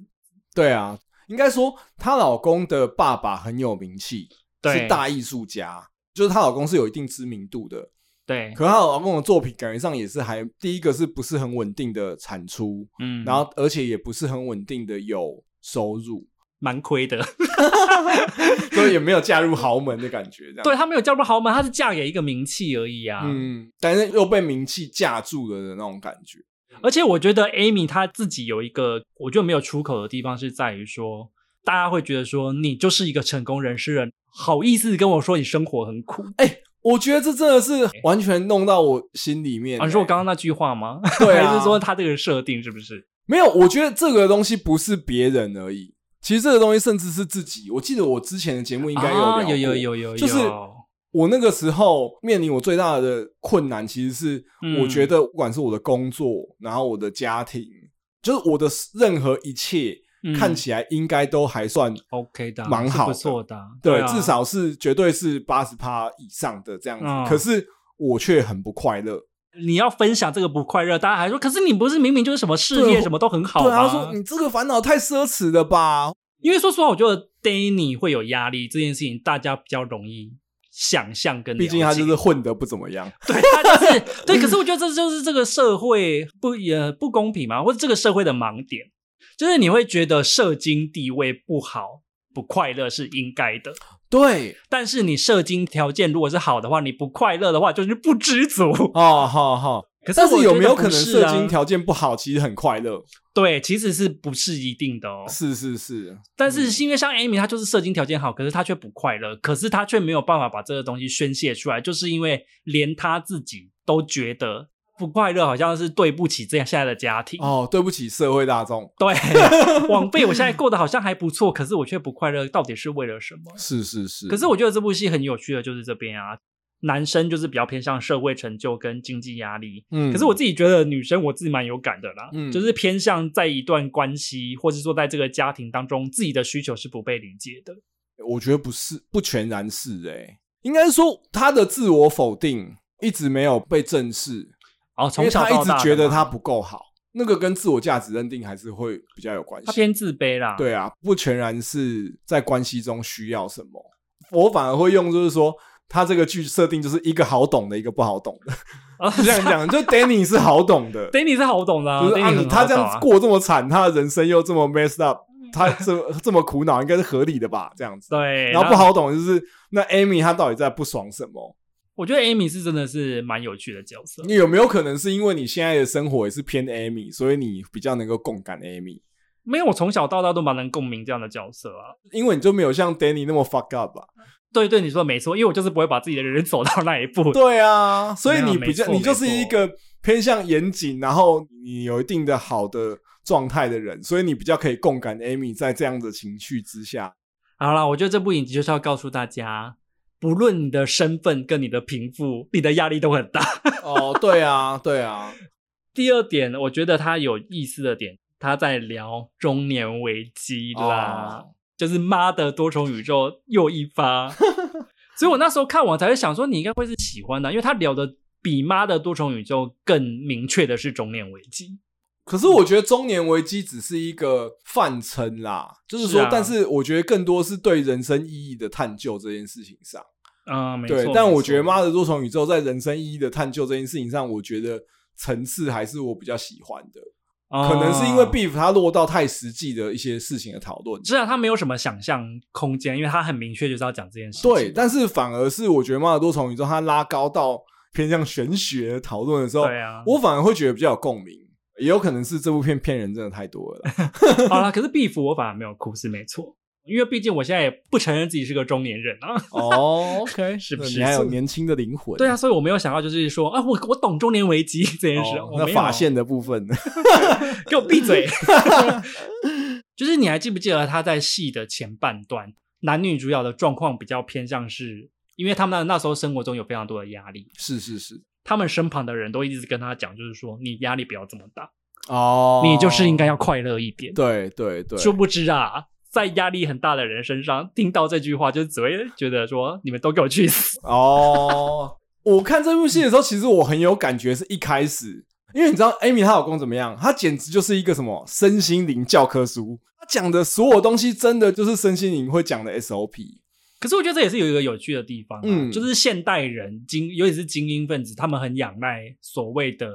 對啊，應該說她老公的爸爸很有名氣，對，是大藝術家，就是她老公是有一定知名度的。對，可她老公的作品感覺上也是還第一個是不是很穩定的產出，嗯，然後而且也不是很穩定的有收入，蠻虧的， [laughs] 所以也沒有嫁入豪門的感覺這樣，對，她沒有嫁入豪門，她是嫁給一個名氣而已啊，嗯，但是又被名氣架住了的那種感覺。而且我覺得 Amy 她自己有一個我覺得沒有出口的地方是在於說，大家會覺得說你就是一個成功人士，人好意思跟我說你生活很苦，哎、欸。我覺得這真的是完全弄到我心裡面，是我剛剛那句話嗎？對，還是說他這個設定是不是？沒有，我覺得這個東西不是別人而已，其實這個東西甚至是自己。我記得我之前的節目應該有有有有有，就是我那個時候面臨我最大的困難，其實是我覺得不管是我的工作，然後我的家庭，就是我的任何一切。嗯、看起來應該都還算 OK 的，蠻好，不錯的。對,對、啊，至少是絕對是八十趴以上的這樣子。嗯、可是我卻很不快樂。你要分享這個不快樂，大家還說，可是你不是明明就是什麼事業什麼都很好嗎對？對啊，說你這個煩惱太奢侈了吧？因為說實話，我覺得 Danny 會有壓力這件事情，大家比較容易想象跟。畢竟他就是混的不怎麼樣。對、啊，他就是 [laughs] 對。可是我覺得這就是這個社會不也、呃、不公平嘛，或者這個社會的盲點。就是你會覺得社經地位不好、不快樂是應該的，對。但是你社經條件如果是好的話，你不快樂的話就是不知足哦，好好。可是，但是有沒有可能社經條件不好，其實很快樂？啊？對，其實是不是一定的哦？是是是。但是是因為像 Amy 她就是社經條件好，可是她卻不快樂，可是她卻沒有辦法把這個東西宣泄出來，就是因為連她自己都覺得。不快樂，好像是對不起這樣現在的家庭哦，對不起社會大眾。對，枉費，我現在過得好像還不錯， [laughs] 可是我卻不快樂，到底是為了什麼？是是是。可是我覺得這部戲很有趣的就是這邊啊，男生就是比較偏向社會成就跟經濟壓力，嗯。可是我自己覺得女生，我自己蠻有感的啦，嗯，就是偏向在一段關係，或是說在這個家庭當中，自己的需求是不被理解的。我覺得不是，不全然是哎、欸，應該說他的自我否定一直沒有被正視。哦，從小到大、啊，因為他一直覺得他不夠好，那個跟自我價值認定還是會比較有關係。他偏自卑啦，對啊，不全然是在關係中需要什麼，我反而會用就是說，他這個劇設定就是一個好懂的，一個不好懂的。這樣講，就 Danny 是好懂的 [laughs] ，Danny 是好懂的、啊，就是、啊？他這樣子過這麼慘， [laughs] 他的人生又這麼 messed up，他這 [laughs] 這麼苦惱，應該是合理的吧？這樣子，對。然後不好懂的就是那，那 Amy 他到底在不爽什麼？我覺得 Amy 是真的是蠻有趣的角色。你有沒有可能是因為你現在的生活也是偏 Amy，所以你比較能夠共感 Amy？沒有，我從小到大都蠻能共鳴這樣的角色啊。因為你就沒有像 Danny 那麼 fuck up 吧、啊？對對，你說的沒錯，因為我就是不會把自己的人生走到那一步。對啊，所以你比較，你就是一個偏向嚴謹，然後你有一定的好的狀態的人，所以你比較可以共感 Amy 在這樣的情緒之下。好啦，我覺得這部影集就是要告訴大家。不論你的身份跟你的貧富，你的壓力都很大。哦、 [laughs] oh，對啊，對啊。第二點，我覺得他有意思的點，他在聊中年危機啦。oh. 就是媽的多重宇宙又一發。 [laughs] 所以我那時候看完，才會想說，你應該會是喜歡的，因為他聊的比媽的多重宇宙更明確的是中年危機。可是我覺得中年危機只是一個泛稱啦，就是說，是啊、但是我覺得更多是對人生意義的探究這件事情上，嗯，沒錯對。但我覺得《媽的多重宇宙》在人生意義的探究這件事情上，我覺得層次還是我比較喜歡的。嗯、可能是因為 Beef 他落到太實際的一些事情的討論，實際上他沒有什麼想象空間，因為他很明確就是要講這件事情。對，但是反而是我覺得《媽的多重宇宙》他拉高到偏向玄學討論的時候，對啊，我反而會覺得比較有共鳴。也有可能是這部片騙人真的太多了。 [laughs] 好啦，可是 Beef 我反而沒有哭，是沒錯，因為畢竟我現在也不承認自己是個中年人啊。哦、oh,，OK， [laughs] 是不是？你還有年輕的靈魂。對啊，所以我沒有想到，就是說啊，我我懂中年危機這件事。Oh, 我沒那髮線的部分呢， [laughs] 給我閉閉嘴。 [laughs] 就是你還記不記得他在戲的前半段， [laughs] 男女主角的狀況比較偏向是，因為他們那那時候生活中有非常多的壓力。是是是。他們身旁的人都一直跟他講，就是說你壓力不要這麼大哦，oh, 你就是應該要快樂一點。對對對，殊不知啊，在壓力很大的人身上聽到這句話，就只會覺得說你們都給我去死哦！Oh, [laughs] 我看這部戲的時候，其實我很有感覺，是一開始，因為你知道艾米她老公怎麼樣，他簡直就是一個什麼身心靈教科書，他講的所有東西真的就是身心靈會講的 SOP。可是我覺得這也是有一個有趣的地方、啊、嗯，就是現代人精，尤其是精英分子，他們很仰賴所謂的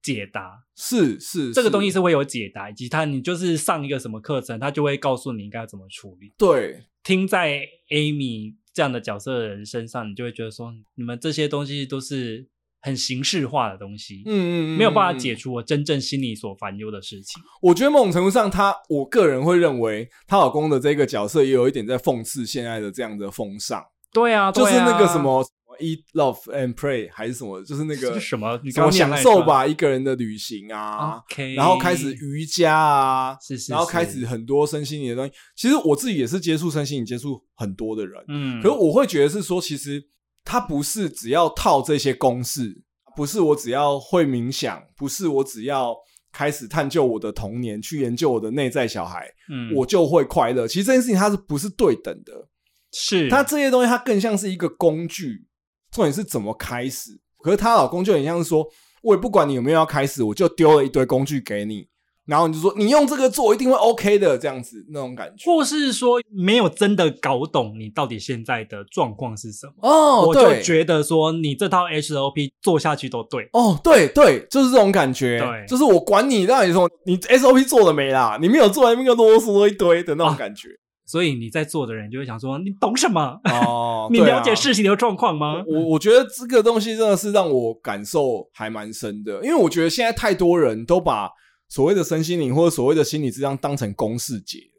解答。是是，是，這個東西是會有解答，以及他你就是上一個什麼課程，他就會告訴你應該怎麼處理。對，聽在 Amy 這樣的角色的人身上，你就會覺得說，你們這些東西都是。很形式化的東西，嗯嗯，嗯嗯，沒有辦法解除我真正心裡所煩憂的事情。我覺得某種程度上他，她我個人會認為，她老公的這個角色也有一點在諷刺現在的這樣的風尚，啊。對啊，就是那個什麼，什麼 eat love and pray 還是什麼，就是那個是是什麼，我享受吧一個人的旅行啊，okay，然後開始瑜伽啊是是是，然後開始很多身心靈的東西。其實我自己也是接觸身心靈接觸很多的人，嗯，可是我會覺得是說，其實。他不是只要套這些公式，不是我只要會冥想，不是我只要開始探究我的童年，去研究我的內在小孩，嗯，我就會快樂。其實這件事情它是不是對等的？是，它這些東西它更像是一個工具，重點是怎麼開始。可是她老公就很像是說，我也不管你有沒有要開始，我就丟了一堆工具給你。然後你就說，你用這個做一定會 OK 的，這樣子，那種感覺，或是說沒有真的搞懂你到底現在的狀況是什麼哦，我就覺得說你這套 SOP 做下去都對哦，對對，就是這種感覺，對，就是我管你讓你說你 SOP 做了沒啦，你沒有做，你那個囉嗦一堆的那種感覺，哦，所以你在做的人就會想說你懂什麼哦，啊、 [laughs] 你了解事情的狀況嗎？我我覺得這個東西真的是讓我感受還蠻深的，嗯、因為我覺得現在太多人都把。所謂的身心靈或者所謂的心理智商，當成公式解，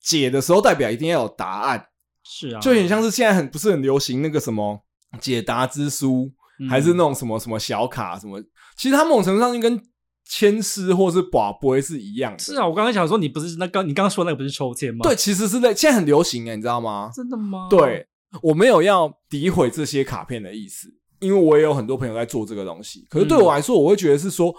解的時候代表一定要有答案。是啊，就有點像是現在很不是很流行那個什麼解答之書，還是那種什麼什麼小卡什麼，其實它某種程度上就跟籤詩或是不會是一樣。是啊，我剛才想說你不是那剛、個、你剛說那個不是抽籤嗎？對，其實是在現在很流行哎，你知道嗎？真的嗎？對，我沒有要詆毀這些卡片的意思，因為我也有很多朋友在做這個東西。可是對我來說，我會覺得是說，嗯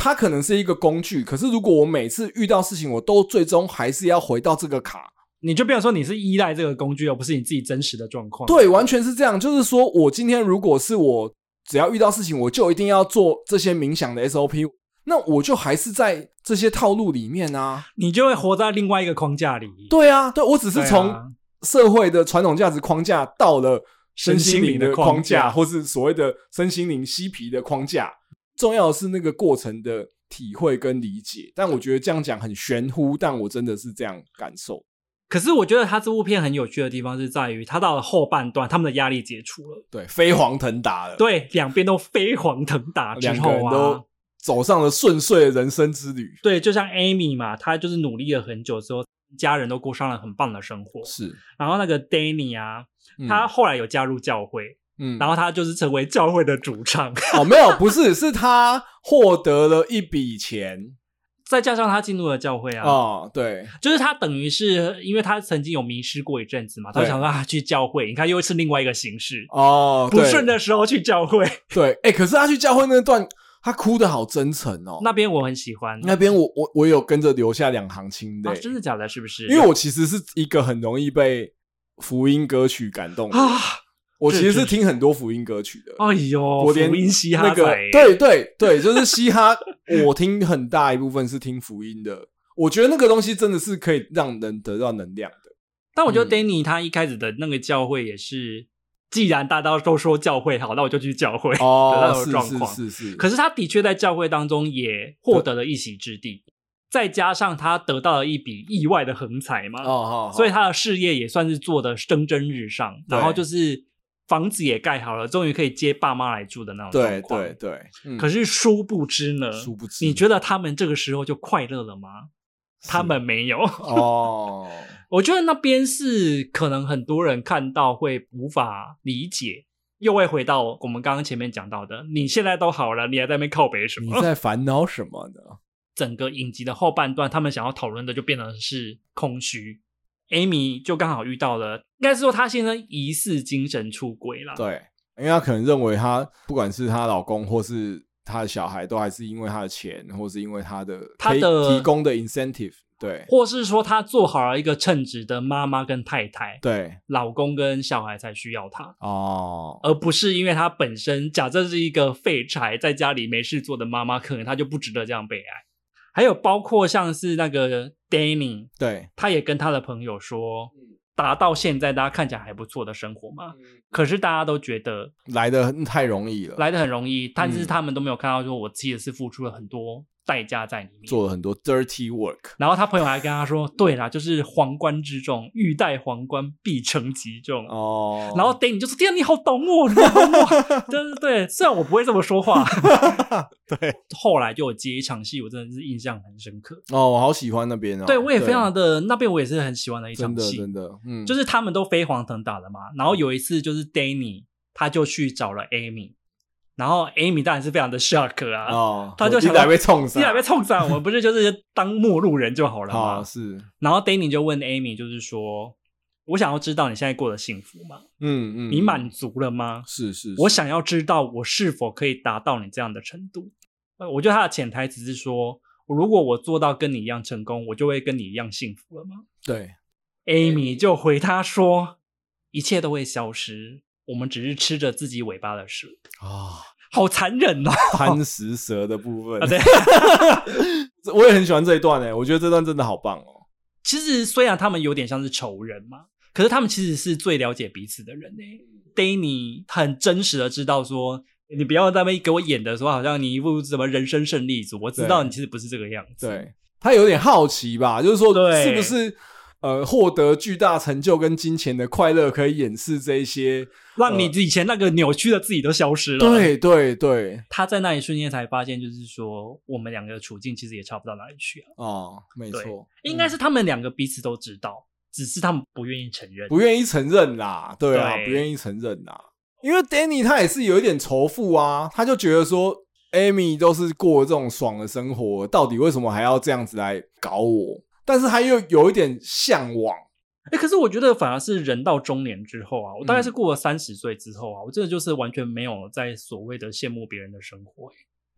它可能是一個工具，可是如果我每次遇到事情，我都最終還是要回到這個卡，你就變成說你是依賴這個工具，而不是你自己真實的狀況。對，完全是這樣。就是說我今天如果是我只要遇到事情，我就一定要做這些冥想的 SOP，那我就還是在這些套路裡面啊，你就會活在另外一個框架裡。對啊，對，我只是從社會的傳統價值框架到了身心靈的框架，框架或是所謂的身心靈嬉皮的框架。重要的是那個過程的體會跟理解，但我覺得這樣講很玄乎，但我真的是這樣感受。可是我覺得他這部片很有趣的地方是在於，他到了後半段，他們的壓力結束了，對，飛黃騰達了，對，兩邊都飛黃騰達之後、啊、兩個人都走上了順遂的人生之旅。對，就像 Amy 嘛，他就是努力了很久之後，家人都過上了很棒的生活。是，然後那個 Danny 啊，他後來有加入教會。嗯嗯，然後他就是成為教會的主唱 [laughs] 哦，沒有，不是，是他獲得了一筆錢， [laughs] 再加上他進入了教會啊，哦、對，就是他等於是因為他曾經有迷失過一陣子嘛，他就想說啊，去教會，你看又是另外一個形式哦，對，不順的時候去教會，對，哎、欸，可是他去教會那段，他哭得好真誠哦， [laughs] 那邊我很喜歡，那邊我我我有跟着留下兩行清淚，啊、真的假的？是不是？因為我其實是一個很容易被福音歌曲感動的啊。 [laughs] 我其實是聽很多福音歌曲的，哎呦，我連那個福音嘻哈、欸、對對對， [laughs] 對，就是嘻哈，我聽很大一部分是聽福音的。 [laughs] 我覺得那個東西真的是可以讓人得到能量的。但我覺得 Danny 他一開始的那個教會也是，嗯、既然大家都說教會好，那我就去教會。哦，得到是是是是。可是他的確在教會當中也獲得了一席之地，再加上他得到了一筆意外的橫財嘛，哦，所以他的事業也算是做得蒸蒸日上，然後就是。房子也蓋好了，終於可以接爸媽來住的那種狀況。對對對。可是殊不知呢，殊不知，你覺得他們這個時候就快樂了嗎？嗎，他們沒有哦。 [laughs] oh. 我覺得那邊是可能很多人看到會無法理解，又會回到我們剛剛前面講到的。你現在都好了，你還在那邊靠北什麼？你在煩惱什麼呢？整個影集的後半段，他們想要討論的就變成是空虛。Amy 就剛好遇到了，應該是說她先生疑似精神出軌了。對，因為她可能認為她不管是她老公或是她的小孩，都還是因為她的錢，或是因為她的她的提供的 incentive，對，或是說她做好了一個稱職的媽媽跟太太，對，老公跟小孩才需要她哦，而不是因為她本身假設是一個廢柴，在家裡沒事做的媽媽，可能她就不值得這樣被愛。還有包括像是那個 Danny，對，他也跟他的朋友說，達到現在大家看起來還不錯的生活嘛，可是大家都覺得來的太容易了，來的很容易，但是他們都沒有看到說，我自己也是付出了很多。代價在裡面做了很多 dirty work，然後他朋友還跟他說：“對啦，就是皇冠之重，欲戴皇冠必承其重。”哦，然後 Danny 就說：“天啊，你好懂我，你好懂我。”對對對，雖然我不會這麼說話。 [laughs] 對，後來就有接一場戲，我真的是印象很深刻。哦，我好喜歡那邊哦。對，我也非常的那邊，我也是很喜歡的一場戲，真的，真的嗯，就是他們都飛黃騰達了嘛。然後有一次，就是 Danny 他就去找了 Amy。然後 Amy 當然是非常的 shock 啊，他、oh, 就想在被衝上，你倆被衝上，我們不是就是當陌路人就好了嘛？ [laughs] 是。然後 Danny 就問 Amy，就是說，我想要知道你現在過得幸福嗎？嗯嗯。你滿足了嗎？是是，是。我想要知道我是否可以達到你這樣的程度？呃，我覺得他的潛台詞是說，如果我做到跟你一樣成功，我就會跟你一樣幸福了嗎？對。Amy 就回他說，一切都會消失。我們只是吃着自己尾巴的蛇啊、哦，好殘忍吶、哦！貪食蛇的部分，啊、對， [laughs] 我也很喜歡這一段呢。我覺得這段真的好棒哦。其實雖然他們有點像是仇人嘛，可是他們其實是最了解彼此的人呢。Danny 很真實的知道說，你不要在那邊給我演的時候，好像你一副什麼人生勝利組，我知道你其實不是這個樣子。對，對他有點好奇吧，對就是說是不是？呃，獲得巨大成就跟金錢的快樂，可以掩飾這一些，讓你以前那個扭曲的自己都消失了。呃、對對對，他在那一瞬間才發現，就是說我們兩個的處境其實也差不到哪裡去啊。哦，沒錯，應該是他們兩個彼此都知道，嗯、只是他們不願意承認，不願意承認啦，對啊對，不願意承認啦。因為 Danny 他也是有一點仇富啊，他就覺得說 Amy 都是過這種爽的生活，到底為什麼還要這樣子來搞我？但是他又有一點向往，哎、欸，可是我覺得反而是人到中年之後啊，我大概是過了三十歲之後啊，嗯，我真的就是完全沒有在所謂的羨慕別人的生活，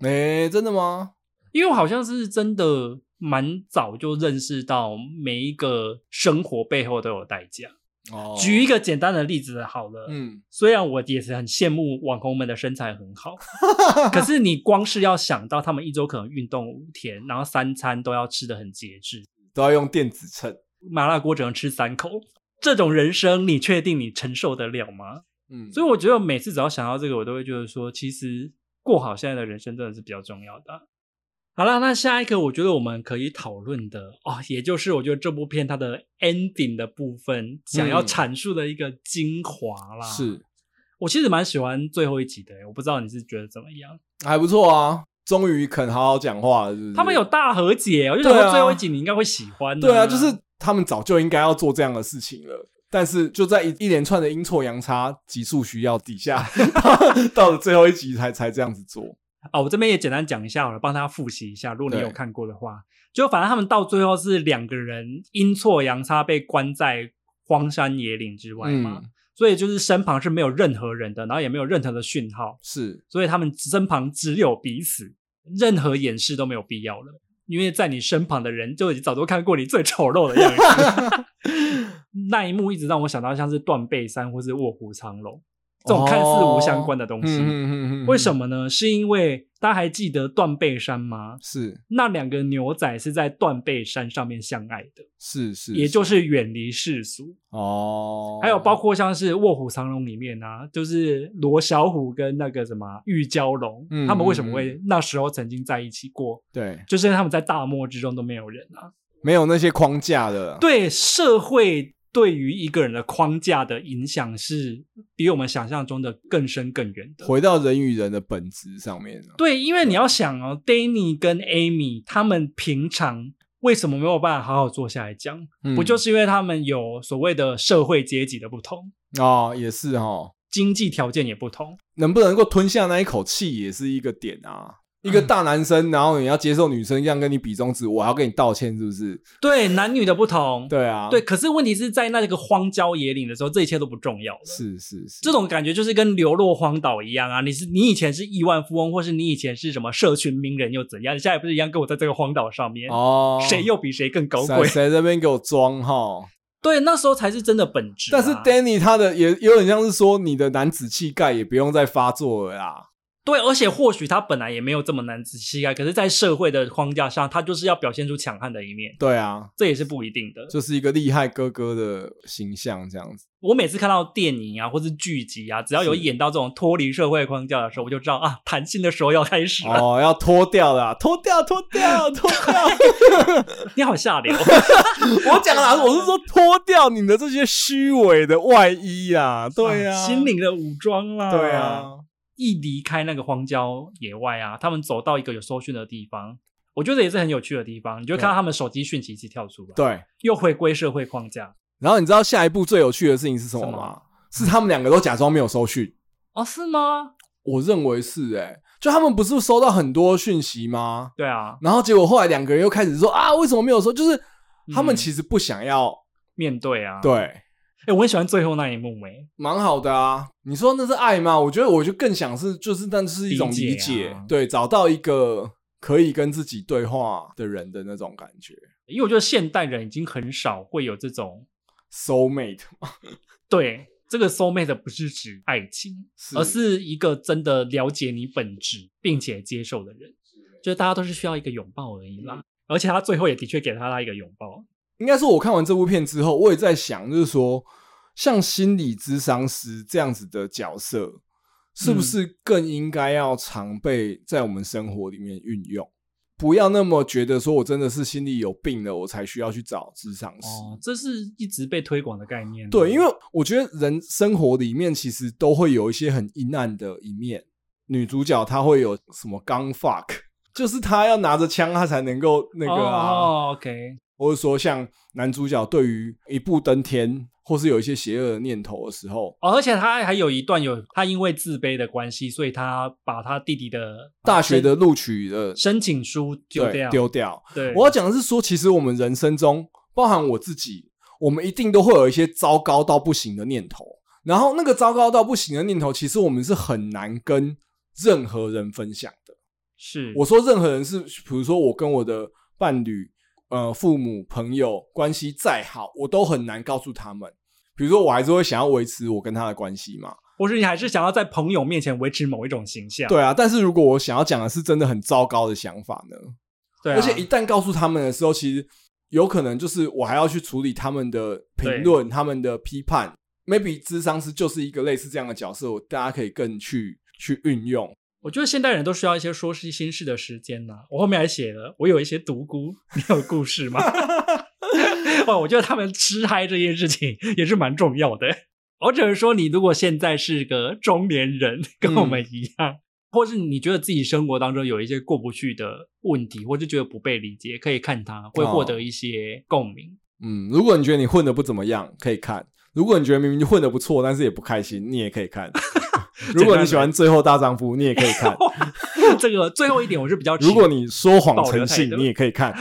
欸，哎、欸，真的嗎？因為我好像是真的蠻早就認識到每一個生活背後都有代價。哦，舉一個簡單的例子好了，嗯，雖然我也是很羨慕網紅們的身材很好， [laughs] 可是你光是要想到他們一週可能運動五天，然後三餐都要吃得很節制。都要用電子秤，麻辣鍋只能吃三口，這種人生你確定你承受得了嗎？嗯，所以我覺得每次只要想到這個，我都會覺得說，其實過好現在的人生真的是比較重要的。好啦，那下一個我覺得我們可以討論的哦，也就是我覺得這部片它的 ending 的部分，想要闡述的一個精華啦。嗯，是，我其實蠻喜歡最後一集的耶，我不知道你是覺得怎麼樣？還不錯啊。終於肯好好講話了是不是？他們有大和解，哦，我就覺得最後一集你應該會喜歡啊。對啊，就是他們早就應該要做這樣的事情了，但是就在一一連串的陰錯陽差，急速需要底下， [laughs] [laughs] 到了最後一集才才這樣子做。哦，我這邊也簡單講一下，我來幫大家複習一下，如果你有看過的話，就反正他們到最後是兩個人陰錯陽差被關在荒山野嶺之外嘛。嗯所以就是身旁是沒有任何人的，然後也沒有任何的訊號，是。所以他們身旁只有彼此，任何掩飾都沒有必要了，因為在你身旁的人就已經早都看過你最醜陋的樣子了。 [laughs] [laughs] 那一幕一直讓我想到像是斷背山或是臥虎藏龍。這種看似無相關的東西、哦嗯嗯嗯嗯，為什麼呢？是因為大家還記得斷背山嗎？是，那兩個牛仔是在斷背山上面相愛的，是是，也就是遠離世俗哦。還有包括像是《臥虎藏龍》裡面啊，就是羅小虎跟那個什麼玉嬌龍、嗯，他們為什麼會那時候曾經在一起過？對，就是因為他們在大漠之中都沒有人啊，沒有那些框架的，對，社會。對於一個人的框架的影響是比我們想象中的更深更遠的。回到人與人的本質上面，對，因為你要想哦，Danny 跟 Amy 他們平常為什麼沒有辦法好好坐下來講？嗯、不就是因為他們有所謂的社會階級的不同哦，也是哦，經濟條件也不同，能不能夠吞下那一口氣也是一個點啊。一個大男生，嗯，然後你要接受女生一樣跟你比中指，我還要跟你道歉，是不是？對，男女的不同。對啊，對。可是問題是在那個荒郊野嶺的時候，這一切都不重要了。是是是，這種感覺就是跟流落荒島一樣啊！你是你以前是億萬富翁，或是你以前是什麼社群名人又怎樣？你現在也不是一樣跟我在這個荒島上面哦？誰又比誰更高貴？誰在這邊給我裝哈？對，那時候才是真的本質，啊。但是 Danny 他的也有點像是說，你的男子氣概也不用再發作了啊。對，而且或許他本來也沒有這麼男子氣概，可是，在社會的框架上，他就是要表現出強悍的一面。對啊，這也是不一定的。這、就是一個厲害哥哥的形象，這樣子。我每次看到電影啊，或是劇集啊，只要有演到這種脫離社會框架的時候，我就知道啊，談心的時候要開始哦，要脫掉啦。脫掉，脫掉，脫掉。你好下流！ [laughs] [laughs] 我講的，我是說脫掉你的這些虛偽的外衣啊，對啊，啊心靈的武裝啦，對啊。一離開那個荒郊野外啊，他們走到一個有收訊的地方，我覺得也是很有趣的地方。你就看到他們手機訊息一直跳出來，對，又回歸社會框架。然後你知道下一步最有趣的事情是什麼嗎？什麼？是他們兩個都假裝沒有收訊哦？是嗎？我認為是、欸，哎，就他們不是收到很多訊息嗎？對啊，然後結果後來兩個人又開始說啊，為什麼沒有收？就是他們其實不想要、嗯、對面對啊，對。哎、欸，我很喜歡最後那一幕，欸，哎，蠻好的啊。你說那是愛嗎？我覺得，我就更想是，就是那是一種理解，理解，啊，對，找到一個可以跟自己對話的人的那種感覺。因為我覺得現代人已經很少會有這種 soul mate。Soulmate，對，這個 soul mate 不是指愛情，而是一個真的了解你本質並且接受的人。就是大家都是需要一個擁抱而已嘛，嗯。而且他最後也的確給了他一個擁抱。應該是我看完這部片之後，我也在想，就是說，像心理諮商師這樣子的角色，是不是更應該要常備在我們生活裡面運用？不要那麼覺得說我真的是心理有病了，我才需要去找諮商師。哦，這是一直被推廣的概念。對，因為我覺得人生活裡面其實都會有一些很陰暗的一面。女主角她會有什麼剛 fuck？就是他要拿着槍，他才能夠那個啊。Oh, OK，或者說像男主角對於一步登天，或是有一些邪惡的念頭的時候。哦，oh，而且他還有一段有他因為自卑的關係，所以他把他弟弟的大學的錄取的申請書丟掉。丟掉。對，我要講的是說，其實我們人生中，包含我自己，我們一定都會有一些糟糕到不行的念頭。然後那個糟糕到不行的念頭，其實我們是很難跟任何人分享。是我說，任何人是，比如說我跟我的伴侶、呃父母、朋友關係再好，我都很難告訴他們。比如說，我還是會想要維持我跟他的關係嘛。或是你還是想要在朋友面前維持某一種形象？對啊，但是如果我想要講的是真的很糟糕的想法呢？對啊，而且一旦告訴他們的時候，其實有可能就是我還要去處理他們的評論、他們的批判。Maybe 諮商師就是一個類似這樣的角色，大家可以更去去運用。我覺得現代人都需要一些說事心事的時間呢、啊。我後面還寫了，我有一些獨孤，你有故事嗎？哦， [laughs] [laughs] 我覺得他們吃嗨這件事情也是蠻重要的。我只能說，你如果現在是個中年人，跟我們一樣、嗯，或是你覺得自己生活當中有一些過不去的問題，或是覺得不被理解，可以看它，會獲得一些共鳴。嗯，如果你覺得你混得不怎麼樣，可以看；如果你覺得明明就混得不錯，但是也不開心，你也可以看。 [laughs] 如果你喜歡最後大丈夫，你也可以看這個。最後一點，我是比較。如果你說謊成性，你也可以看。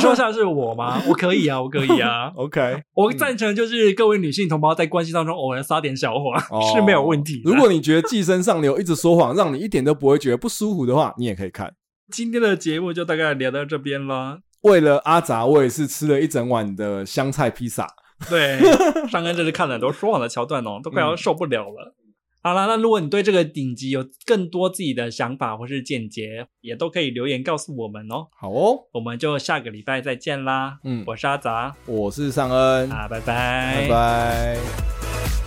說像是我嗎？我可以啊，我可以啊。 [laughs] OK，我贊成，就是各位女性同胞在關係當中偶爾撒點小謊、哦、是沒有問題。如果你覺得寄生上流一直說謊， [laughs] 讓你一點都不會覺得不舒服的話，你也可以看。今天的節目就大概聊到這邊了。為了阿雜，我也是吃了一整晚的香菜披薩。對， [laughs] 上剛這是看了很多說謊的橋段哦，都快要受不了了。嗯好啦，那如果你對這個頂級有更多自己的想法或是見解，也都可以留言告訴我們哦。好哦，我們就下個禮拜再見啦。嗯，我是阿雜，我是尚恩，啊，拜拜，拜拜。